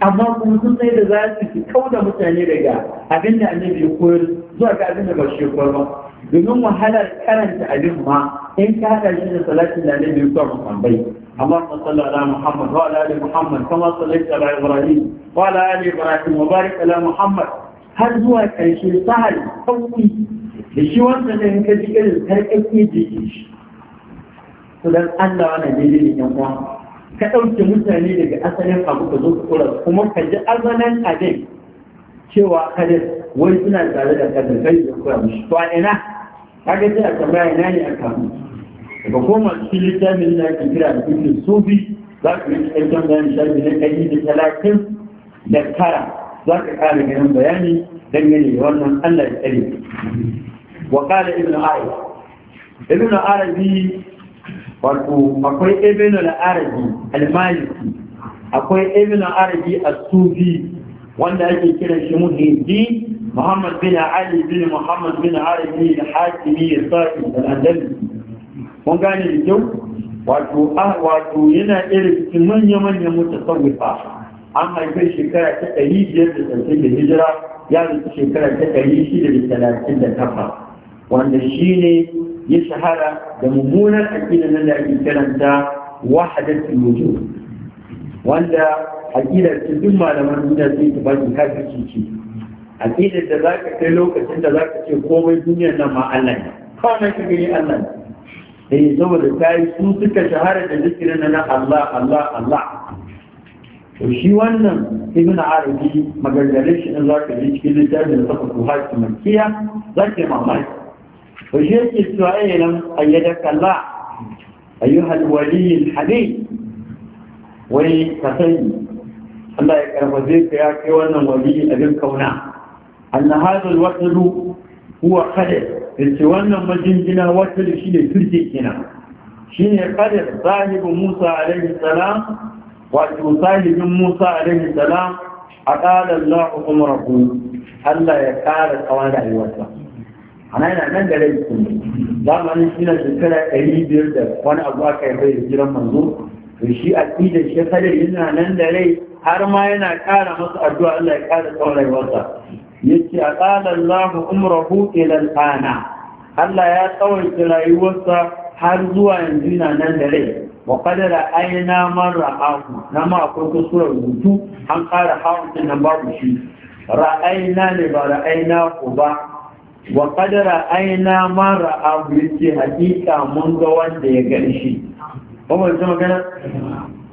amma kuma sun sai da za su fi kauda mutane daga abin da annabi ya koyar zuwa ga abin da ba shi ba domin wahalar karanta abin ma in ka haɗa shi da salatin da annabi ya tambayi اللهم صل على محمد وعلى ال محمد كما صليت على ابراهيم Ibrahim, ال ابراهيم وبارك على محمد هل هو كيشي سهل Da shi wanda ne ka ji irin sarƙaƙi jiki shi to dan Allah wannan daidai ne yan ka ɗauke mutane daga asalin abu ka zo ka kuma ka ji azanan abin cewa kadir wai suna tare da kadir kai da kura mushi to a ina kaga sai a tambaya ina ne a kafin daga koma shi littafin da ake kira da kuke sufi za ka yi cikakken bayan shafi na kai da talatin da tara za ka kare ganin bayani dangane da wannan allah ya tsare wa ƙara ibn arabi ibn arabi wato akwai ibn arabi almaliki akwai ibn arabi as-sufi wanda ake kiran shi muhiddi muhammad bin ali bin muhammad bin ali bin hakimi ya sa'i al'adalci kun gane da kyau wato wato yana irin cikin manya-manyan mutasawwifa an haifar shekara ta ɗari biyar da tsarkin da hijira ya rasu shekara ta ɗari shida da talatin da takwas wanda shi ne ya shahara da mummunar aƙida na da ake kiranta wahadatul wujud wanda aƙidar ce duk malaman duniya sai ta baki kafirci ce aƙidar da za ka kai lokacin da za ka ce komai duniyar nan ma Allah ne kawai ka gani Allah ne eh saboda ta yi su suka shahara da zikirin na Allah Allah Allah to shi wannan ibn arabi maganganun shi in za ka ji cikin littafin da saka ku haƙi makiya za ka mamaki to shi yake cewa ayyalan ayyadaka Allah ayyuhal waliyul habib wai ka sani Allah ya karfafe ka ya kai wannan wali abin kauna anna hadal waslu huwa qadar yace wannan majingina shi shine turje kenan shine qadar sahibu Musa alaihi salam wato sahibin Musa alaihi salam aqala Allah umrahu Allah ya kara tsawon rayuwarsa ana yana nan da rai kuma zamanin shi na shekara 500 da wani abu aka yi bai da jiran manzo to shi aqidar shi kadar yana nan da rai har ma yana ƙara masa addu'a Allah ya ƙara tsauraiwarsa yace aqala Allah umrahu ila al-ana Allah ya tsawaita rayuwarsa har zuwa yanzu yana nan da rai wa qadara ayna man ra'ahu na ma akwai kusurar rubutu an ƙara hawan nan babu shi ra'ayna ne ba ra'ayna ku ba wa kadara aina mara abu yake hakika mun ga wanda ya gan shi ba zama gana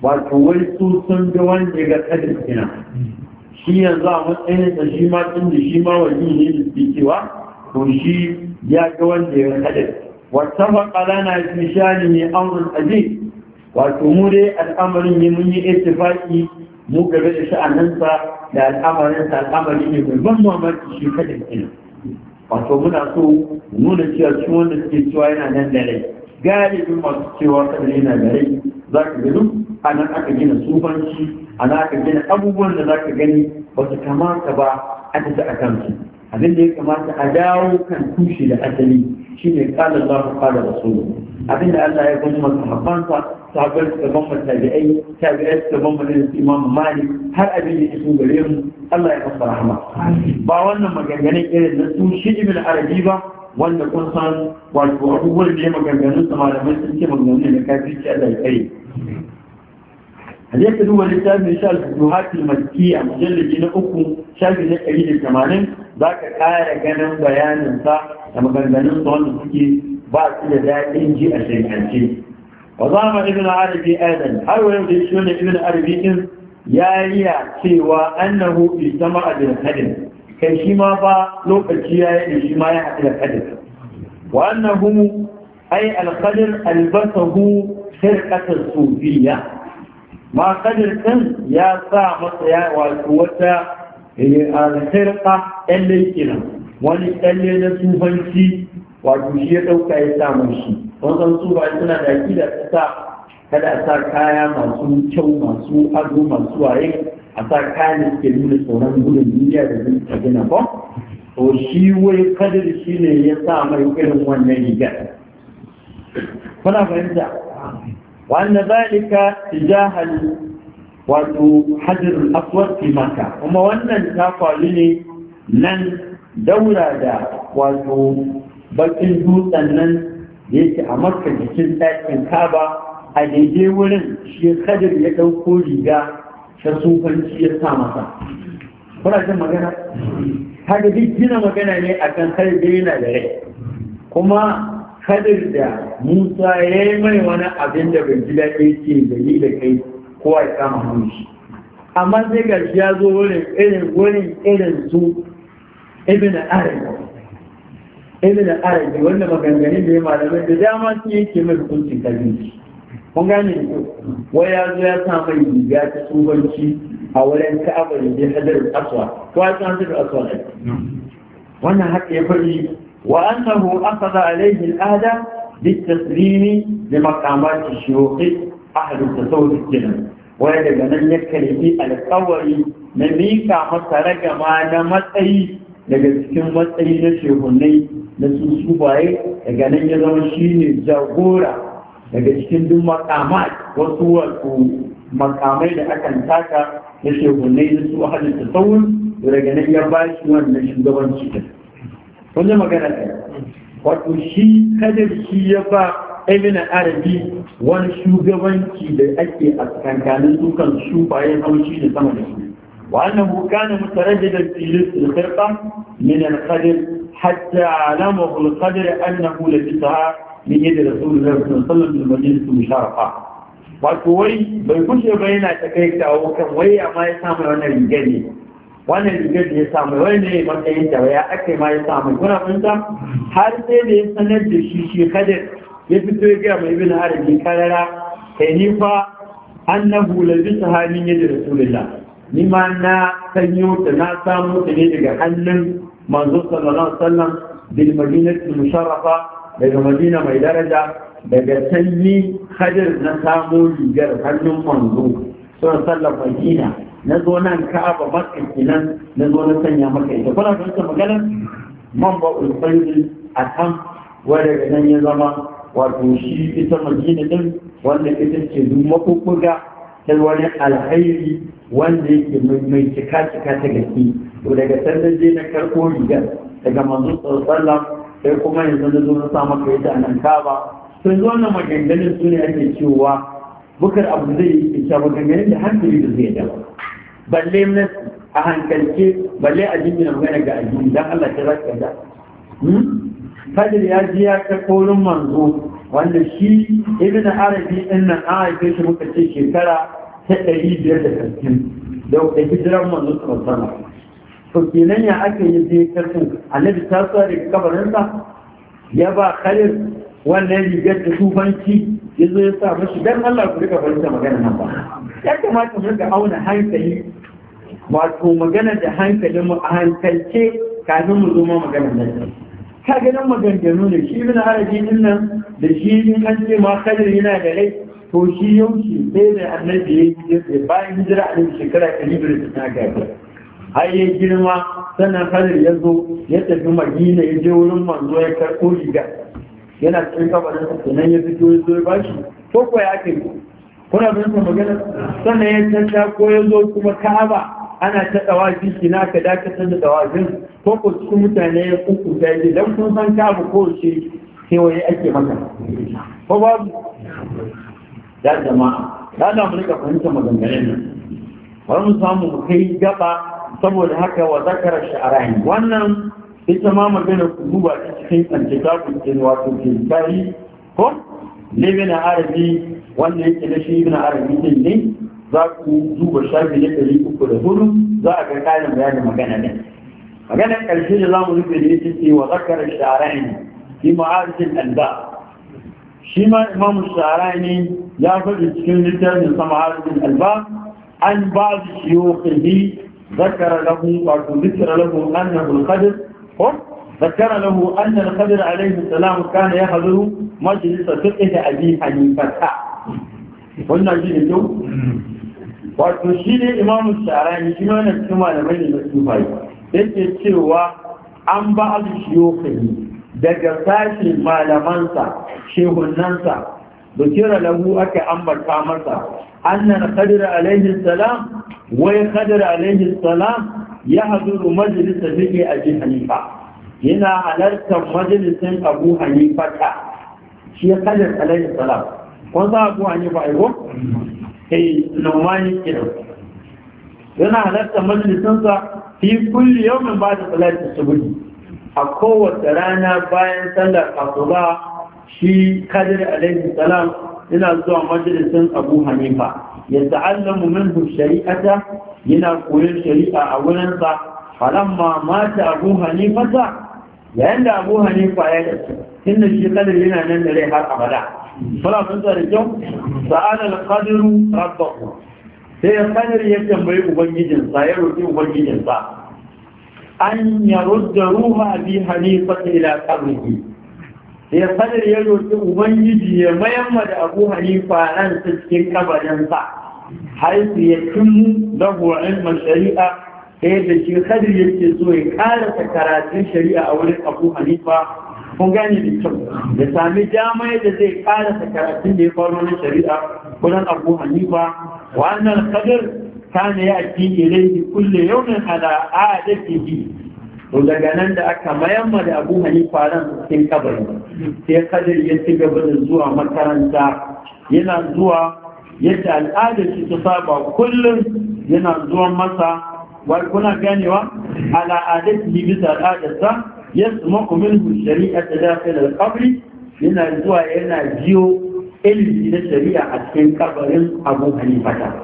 wato wai su sun ga wanda ga kadin kina shi yanzu a matsayin da shi ma tun da shi ma wani ne da su cewa to shi ya ga wanda ya kadin wattafa na fi shani amurin aziz wato mu dai al'amarin ne mun yi ittifaqi mu gaba da sha'aninsa da al'amarinsa al'amari ne mai ban mamaki shi kadin kina wato muna so nuna cewa shi wanda suke cewa yana nan da rai galibin masu cewa kabari na gari, za ka gani a nan aka gina tsufanci a nan aka gina abubuwan da za ka gani ba su kamata ba a tafi a kansu abin da ya kamata a dawo kan tushe da asali shine qala Allah qala rasulu abin da Allah ya gani masa ta sahabbai su ban mata da ai tabi'ai suka ban mata da Imam Malik har abin da ya so gare mu Allah ya masa rahama ba wannan maganganun irin na su shi ibn arabi ba wanda kun san wato abubuwan da ya maganganun sa malamai sun ce maganganun da kafirci Allah ya kare هذيك هو اللي كان مثال جهات الملكية مجلة جنة أكو شاكي جنة أجيد الثمانين ذاك كارا كان بيان انتا لما كان بنام طوان نفكي بعد كده دا انجي أشين حنشي وظام ابن عربي آدم حلو يوم جيشون ابن عربي إن يا يا سوى أنه اجتمع بالحدث كان شي ما با لوك الشياء الاجتماع حتى الحدث وأنه أي القدر ألبسه خرقة الصوفية ma kadir din ya sa masa ya wato wata alhirka ɗalle kenan wani ɗalle na sufanci wato shi ya ɗauka ya sa shi wannan su ba suna da akida ta sa kada a sa kaya masu kyau masu ado masu waye a sa kaya da suke nuna tsoron gudun duniya da zai ta gina ba to shi wai kadir shi ne ya sa mai irin wannan rigar kuna fahimta وأن ذلك تجاه wato hajjar aswad maka kuma wannan ta faru ne nan daura da wato bakin dutsen nan da yake a makka jikin ɗakin kaba a daidai wurin shi hajjar ya ɗauko riga ta sufanci ya sa masa kuna jin magana haka gina magana ne akan har da yana da rai kuma kadar da Musa ya yi mai wani abin da bai ji daɗi ke gari da kai ko a kama hannu Amma sai ga ya zo wurin irin wurin irin su arewa. Ibi Ibn arewa wanda maganganun da ya malamai da dama su ke mai hukuncin kabinci. Kun gane wai ya zo ya sa mai riga ta tubanci a wurin ka'abar da ya hadar aswa. Kowa ya san hadar aswa Wannan haka ya fari وأنه أخذ عليه الأهدى بالتسليم لمقامات الشيوخ أهل التصوف الجنة ويجب أن يكلم على الثوري من ميكا مسارك معنا مسعي daga cikin matsayi na shehunai na su baye daga nan ya zama shi ne jagora daga cikin duk makamai wasu wasu makamai da akan taka na shehunai na su saurin daga nan ya ba shi wannan kunye magana ɗaya wato shi kadar shi ya ba emina arabi wani shugabanci da ake a kankanin dukan su baya haushi da sama da shi wannan hukana mutarajin da tilis da sarfa min al-qadr hatta alama wa al-qadr annahu la bisaha da yadi rasulullahi sallallahu alaihi wasallam min madinatu musharafa wato wai bai kushe ba yana takaitawa kan wai amma ya samu wannan rigani wannan rigar da ya samu wani ne matsayin da ya aka ma ya samu kuna fahimta har sai da ya sanar da shi shi kadir ya fito ya gaya mai bin harabi karara kai ni fa annahu la bi hannun yadda rasulullah ni ma na sanyo ta na samu ta ne daga hannun manzo sallallahu alaihi wasallam bil madinati musharrafa daga madina mai daraja daga sanyi kadir na samu rigar hannun manzo sallallahu alaihi wasallam na zo nan ba maka kinan na zo na sanya maka ita kuna fahimtar magana man ba ulfairi a kan wadda da nan ya zama wato shi ita madina din wanda ita ce duk makukuga ta wani alhairi wanda yake mai cika cika ta gaske to daga sannan je na karko rigar daga manzo sallallahu sai kuma yanzu na zo na sa maka ita nan ka ba sun zo na maganganun su ne ake cewa bukar abu zai yi kyawun ganganin da hankali da zai dawa balle na a hankalce balle a jini na magana ga addini don Allah ta zaka da hmm? fajir ya ji ya ta korin manzo wanda shi ibn arabi din nan an haife shi muka ce shekara ta ɗari biyar da sittin da da hijiran manzo ta musamman to kenan ya aka yi zai karfin annabi ta sa daga kabarinsa ya ba khalil wannan rigar da tufanci ya zo ya sa mashi dan Allah ku rika fahimta magana nan ba ya kamata mu rika auna hankali wato magana da hankalin mu a hankalce kafin mu zo ma magana nan ka ganin maganganu ne shi bin haraji din nan da shi in an ce ma kadir yana da rai to shi yauci sai mai annabi ya yi sai bayan hijira a cikin shekara 100 da ta gaba har ya girma sannan kadir ya zo ya tafi madina ya je wurin manzo ya karɓo riga yana cikin kabarin sa nan ya fito ya zo ya bashi ko ko ya ake kuna bin sa magana sannan ya canza ko ya zo kuma ka'aba ana ta shi na ka dakatar da dawafin ko ko cikin mutane ya kuku ta yi dan kun san ka'aba ko shi sai waye ake maka ko babu da jama'a da na mu rika fahimta maganganun nan Wani mu samu kai gaba saboda haka wa zakara sha'arani wannan ita ma magana kuduba ta cikin antikabun ke wato ke bayi ko ne bin arabi wanda yake na shi bin arabi din ne za ku duba shafi na ɗari uku da hudu za a ga kayan bayanin magana ne maganar ƙarshe da za mu rufe da ita ce wa zakar sha'arani fi ma'arifin alba shi ma imamu sha'arani ya faɗi cikin littafin sa ma'arifin alba an ba su shiyo kirji zakara lahu wato zikira lahu annahu alqadr ko ذكر له أن الخضر عليه السلام كان يحضر مجلس فقه أبي حنيفة قلنا جيد جو وتشير إمام الشعراني كما لمن المسلمين yake cewa an ba abu shiyofini daga sashi malamansa shehunansa da kira lahu aka ambata masa annan kadir alaihi salam wai kadir salam ya haduru majalisar rike a ji hanifa yana halartar majalisar abu hanifa ta shi ya kajar alaihi salam kun za abu hanifa aiko kai nomani kiran yana halartar majalisarsa fi kulli yawmin ba da salatu subuhi a kowace rana bayan sallar asuba shi kajar alaihi salam ina zuwa majalisin abu hanifa ya ta'allamu minhu shari'ata yana koyon shari'a a wurinsa falamma mata abu hanifa yayin da abu hanifa ya dace inda shi kadar yana nan da rai har abada sala mun da kyau sa'ala al-qadru rabbuhu sai kadar ya tambayi ubangijin sa ya roki ubangijin sa an yarudda ruha bi hanifa ila qabrihi sai fadar ya roƙi ubangiji ya mayamma da abu hanifa nan ta cikin kabarinsa su ya da lahu ilmin shari'a ta da shi kadir yake so ya karasa karatun shari'a a wurin abu halifa kun gane da kyau ya sami dama da zai karasa karatun da ya faru na shari'a wurin abu hanifa wannan kadir kana ya ake ilaihi kulle yaumin ala adatihi to daga nan da aka mayamma da abu hanifa ran cikin kabari sai kadir ya ci gaba da zuwa makaranta yana zuwa yadda al'adar shi ta saba kullum yana zuwan masa wai kuna ganewa al'adar shi bisa al'adarsa ya tsuma kumin shari'a ta dafe da yana zuwa yana jiyo ilimi na shari'a a cikin kabarin abu hanifata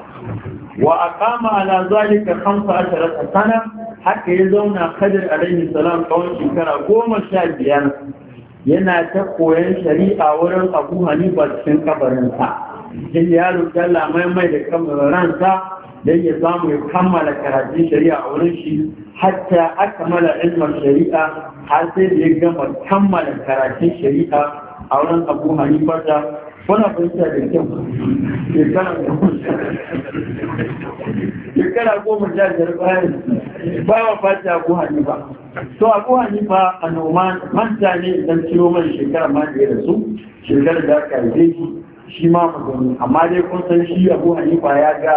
wa aqama ala zalika 15 sana haka ya zauna kadir alaihi salam tsawon shekara goma sha biyar yana ta koyan shari'a wurin abu hanifa cikin kabarinsa in ya dalla Lamai mai da kabarinsa don ya samu ya kammala karatun shari'a a wurin shi hatta kammala ilmar shari'a har sai da ya gama kammala karatun shari'a a wurin abu hanifa wannan fahimta da kyau shekara goma sha biyar bayan ba wa fata abu hanifa to abu hanifa a noma manta ne idan ciro mai shekara ma da ya rasu shekara da aka yi shi shi ma magani amma dai kun san shi abu hanifa ya ga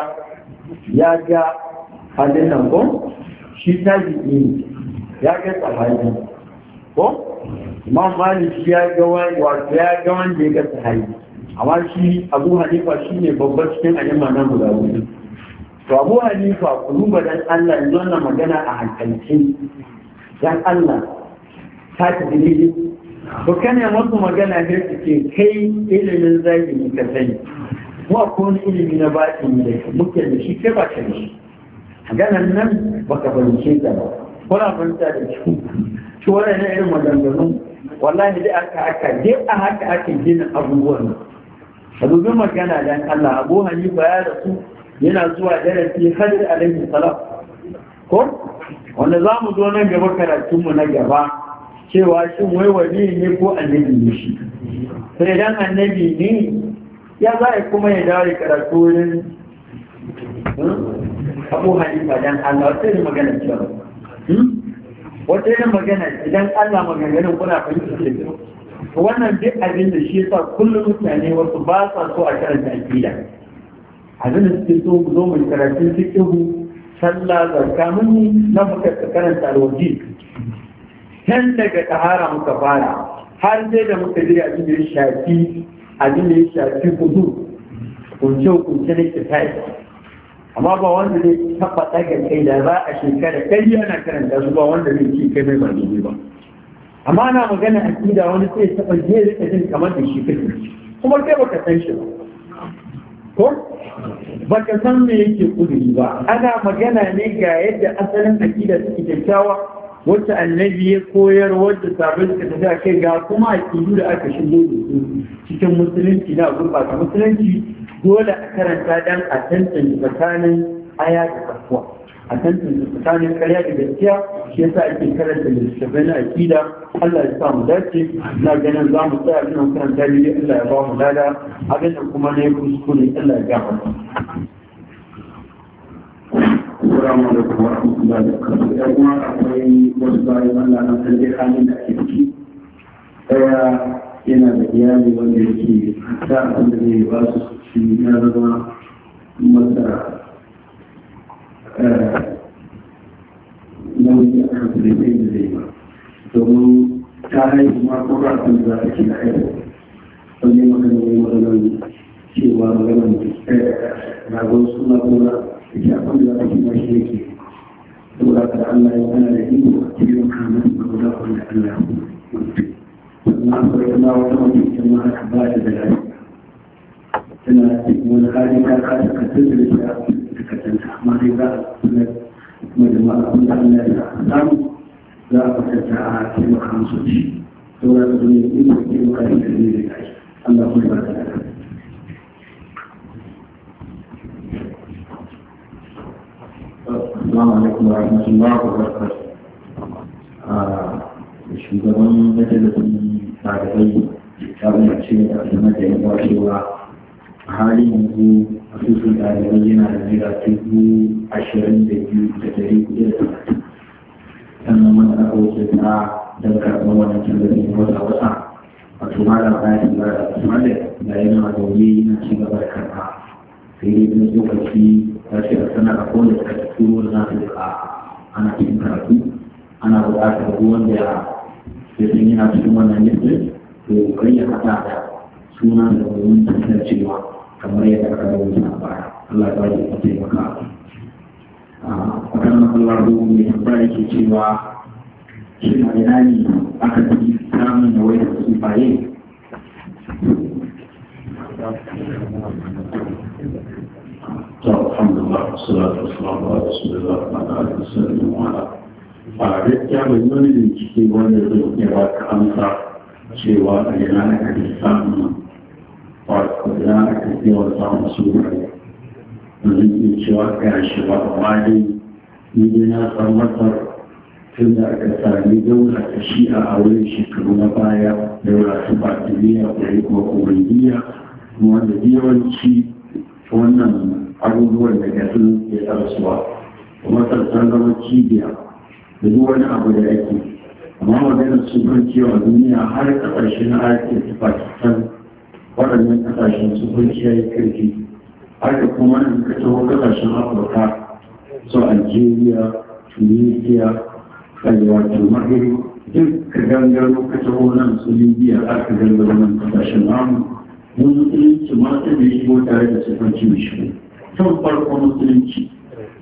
ya ga halin nan ko shi ta ne ya ga sahabi ko imam shi ya ga wani wato ya ga wanda ya ga sahabi amma shi abu hanifa shi ne babban cikin ayyama nan guda hudu to abu hanifa kuluba dan allah yanzu wannan magana a hankalce dan allah ta ta dalili to kana masu magana da suke kai ilimin zaki ne ka sani mu akwai wani ilimi na ne da muke da shi kai ba ka da shi maganan nan baka fahimce ta ba kuna fahimta da shi shi wannan irin maganganu wallahi dai aka aka dai a haka ake gina abubuwan a dubin magana dan Allah abu hanifa ya su yana zuwa darasi hadir alaihi salam ko wanda za mu zo nan gaba karatunmu na gaba cewa shi wai wani ne ko annabi ne shi sai dan annabi ne ya za a kuma ya dawo karatu wurin hmm? abu hanifa dan Allah sai magana cewa hmm? wata yin magana idan Allah maganganun kuna fahimta da to wannan duk abin da shi yasa kullum mutane wasu ba sa so a karanta aqida abin da suke so mu zo mu karatu fiqhu sallah zakka mun yi na muka karanta alwajib tun daga tahara muka fara har sai da muka ji abin da ya shafi abin da ya shafi kudu kunce kunce ne ke tayi amma ba wanda zai taɓa ɗaga kai da za a shekara kai yana karanta su ba wanda zai ci kai mai ba ba amma ana magana aƙida wani sai taɓa zai rika jin kamar da shi kake kuma kai baka san shi ba ko baka san me yake kuduri ba ana magana ne ga yadda asalin aƙida take kyakkyawa wacce annabi ya koyar wacce sabbin suka tafi a kai ga kuma aƙidu da aka shigo da su cikin musulunci na gurɓata musulunci dole a karanta dan a tantance tsakanin aya da kasuwa a tantance tsakanin karya da gaskiya shi yasa ake karanta littattafai na akida Allah ya sa mu dace na ganin za mu tsaya cikin karanta ne Allah ya ba mu lada abin da kuma ne kuskure Allah ya gafarta Assalamu alaikum wa rahmatullahi wa barakatuh. Ya kuma akwai wasu bayan Allah na san dai halin da ake ciki. Ɗaya yana da iyali wanda yake ta abin da zai ba su ci na zama masa nauyi a kan sulaitai da zai ba domin ta haihu ma ko ba su za ta kira haihu don ne magana ne maganar cewa maganar ragon suna gona da ke akwai da za ta kira shi yake saboda ka da Allah ya kana da iko a cikin kamar da guda wanda Allah ya kuma sannan akwai kuma wata mace ita ma aka ba da da lafiya tana cikin wani hali ta kasa ka tattara shi تكتب أحمالي لا أقول مجموعة من الله الأحلام لا أقتدع كما خمسة شيء ولا تظنين إلا كما كان يجري لك الله يبارك لك السلام عليكم ورحمة الله وبركاته shugaban majalisun ɗalibai ya bayyana cewa da majalisar cewa halin yanzu a susun ɗalibai yana da naira dubu ashirin da biyu da dari kuɗi da talatin sannan mana aka wuce ta don karɓar wannan tallafi wata wata wato malam bayan ba da malam da yana zaune yana ci gaba da karɓa sai dai ɗin lokaci ta ce a sana a kowane da kake turo za su da ana cikin karatu ana buƙatar ruwan da ya san yana cikin wannan listin to kai ya haɗa da suna da wurin tantancewa kamar yadda aka ga wuce a baya Allah ya bada ya taimaka a kan Allah ko mai tambaya ke cewa shin a ina ne aka fi samun da wayar kifaye الحمد لله والصلاة والسلام على رسول الله وعلى آله وصحبه وعلى a gaskiya bai wani bincike wanda zai iya ba amsa cewa a yana na samun wato ya aka kewa samun sunaye ba zai iya cewa ga shi ba amma dai ni dai na san masar tun da aka sami daura ta shi a wurin shekaru na baya ba ta biya batiniya kuma biya kuma wanda yawanci wannan abubuwan da gasin ya tsarsuwa kuma sassan zama cibiya da duk wani abu da ake amma maganar sun kan cewa duniya har ƙasashen na ta pakistan waɗannan ƙasashen su kurciya ya kirki haka kuma in ka taho ƙasashen afirka su algeria tunisia wato magari duk ka gangaro ka taho nan su libya har ka gangaro nan ƙasashen namu mun musulunci ma ta da shigo tare da sufanci mai shigo tun farko musulunci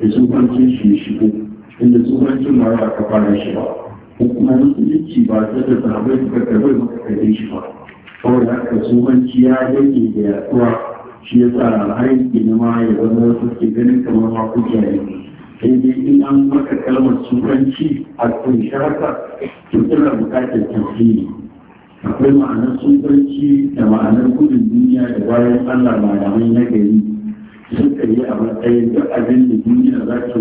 da sufancin shi shigo inda sufancin ma ba ka fara shi ba kuma musulunci ba ta da sahabai suka karbai maka kai shi ba saboda haka sumanci ya dage da yaduwa shi ya sa har na ma ya zama wasu ke ganin kamar ma sai dai in an maka kalmar sufanci a kun sharaka to tana buƙatar tafsiri akwai ma'anar sufanci da ma'anar gudun duniya da bayan allah malamai na gari sun yi a matsayin duk abin da duniya za ta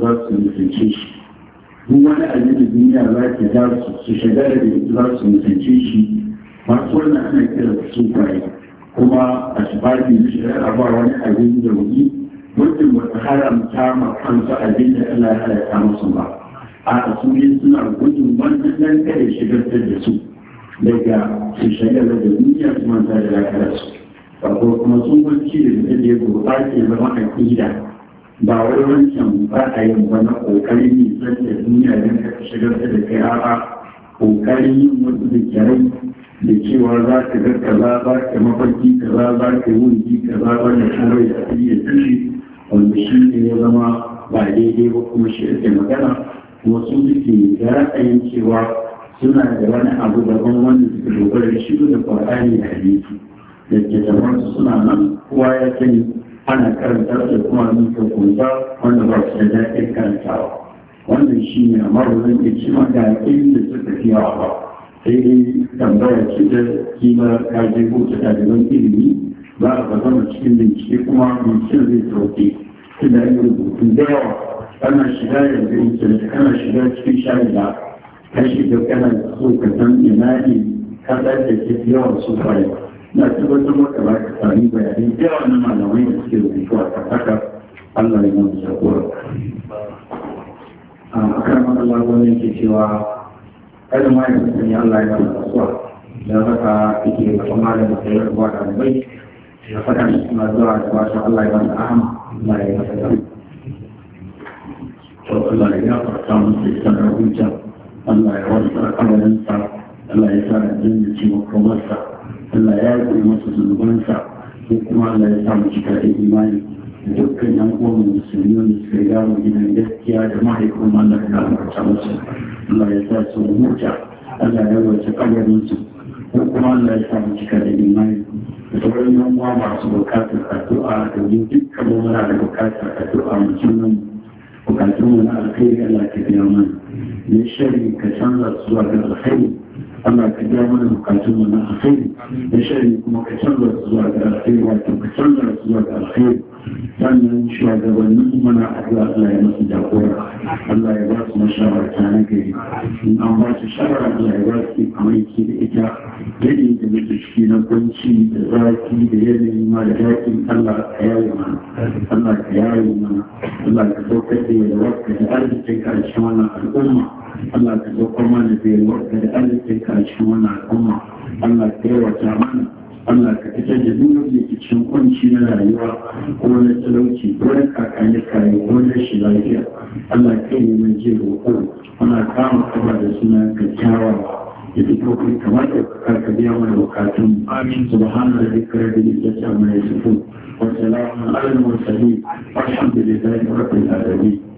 za su mutunce shi duk wani abin da duniya za ta za su shagara da za su mutunce shi masu wannan ana kira sufaye kuma a shifafi na shari'a ba wani abin da wuri mutum ba su haramta ma kansu abin da Allah ya halatta musu ba a su ne suna gudun wannan dan kare shigar da su daga su shagala da duniya su manta da lafiyar su wato kuma sun wanci da da ya gurɓace zama a ƙida ba wai wancan ba a yin wani ƙoƙari ne zan da duniya don ka shigar da kai ba ƙoƙarin yin da kyarai da cewa za ka ga kaza za ka mafarki kaza za ka wuri kaza za ka kore da ya tushe wanda shi ne ya zama ba daidai ba kuma shi ake magana kuma su suke da ra'ayin cewa suna da wani abu daban wanda suka dogara shi da ne a hadisi da ke su suna nan kowa ya sani ana karanta da kuma nufin kunsa wanda ba su da daɗin karantawa. wannan shi ne amma ba zan iya ci maka da suka fi yawa ba sai dai tambaya ce da kima kaji ko ta ɗaliban ilimi ba a da cikin bincike kuma binciken zai sauke tunda an yi rubutu da yawa kana shiga yanzu intanet ana shiga cikin shari'a ka shiga kana so ka san ina ne ka da ke fi yawa su fara na tabbatar maka ba ka sami bayanai da yawa na malamai da suke rubutu a kan haka Allah ya mamu jagora. a makarar Allah wani yake cewa kada ma ya sani Allah ya fara kasuwa da haka yake da kuma da mutane da ba da bai da fada shi kuma zuwa da ba shi Allah ya fara ahama Allah ya fara to Allah ya fara musu sanar hujja Allah ya wasa kawarinsa Allah ya sa da jinnin ciwon kamarsa Allah ya yi masu zunubansa ko kuma Allah ya sa mu cika da imani dukkan yan uwan musulmi da suka yawo gaskiya da mahaifin Allah ya albarka musu Allah ya sa su huta Allah ya rubuta kabarin su ko kuma Allah ya sa mu cika da imani da sauran yan uwa masu bukatar addu'a domin dukkan muna da bukatar addu'a mu bukatun mu na alkhairi Allah ka biya mana ne shari ka canza zuwa ga alkhairi Allah ka biya mana bukatun mu na alkhairi da shari kuma ka canza zuwa da alkhairi wato ka canza zuwa da alkhairi sannan shugabanni mana Allah Allah ya masu jagora Allah ya ba su mashawarta na gari in an ba su shawara Allah ya ba su aiki da ita gani da muke ciki na kwanci da zafi da yanayi ma da dakin Allah ka yaye mana Allah ka yaye mana Allah ka saukar da yalwar ka da arzikin ka a cikin wannan al'umma Allah ka saukar mana da yalwar ka da arzikin kai ka cikin wannan al'umma Allah ka yawata mana Allah ka fitar da duk wanda cikin kwanci na rayuwa ko na talauci ko na kakanni kare ko na shi lafiya Allah ka yi mai je roƙo ana kama kaba da suna kyakkyawa يتكون كما تكاك بيوم الوقاتم آمين سبحان ربك رب العزة عما يصفون وسلام على المرسلين والحمد لله رب العالمين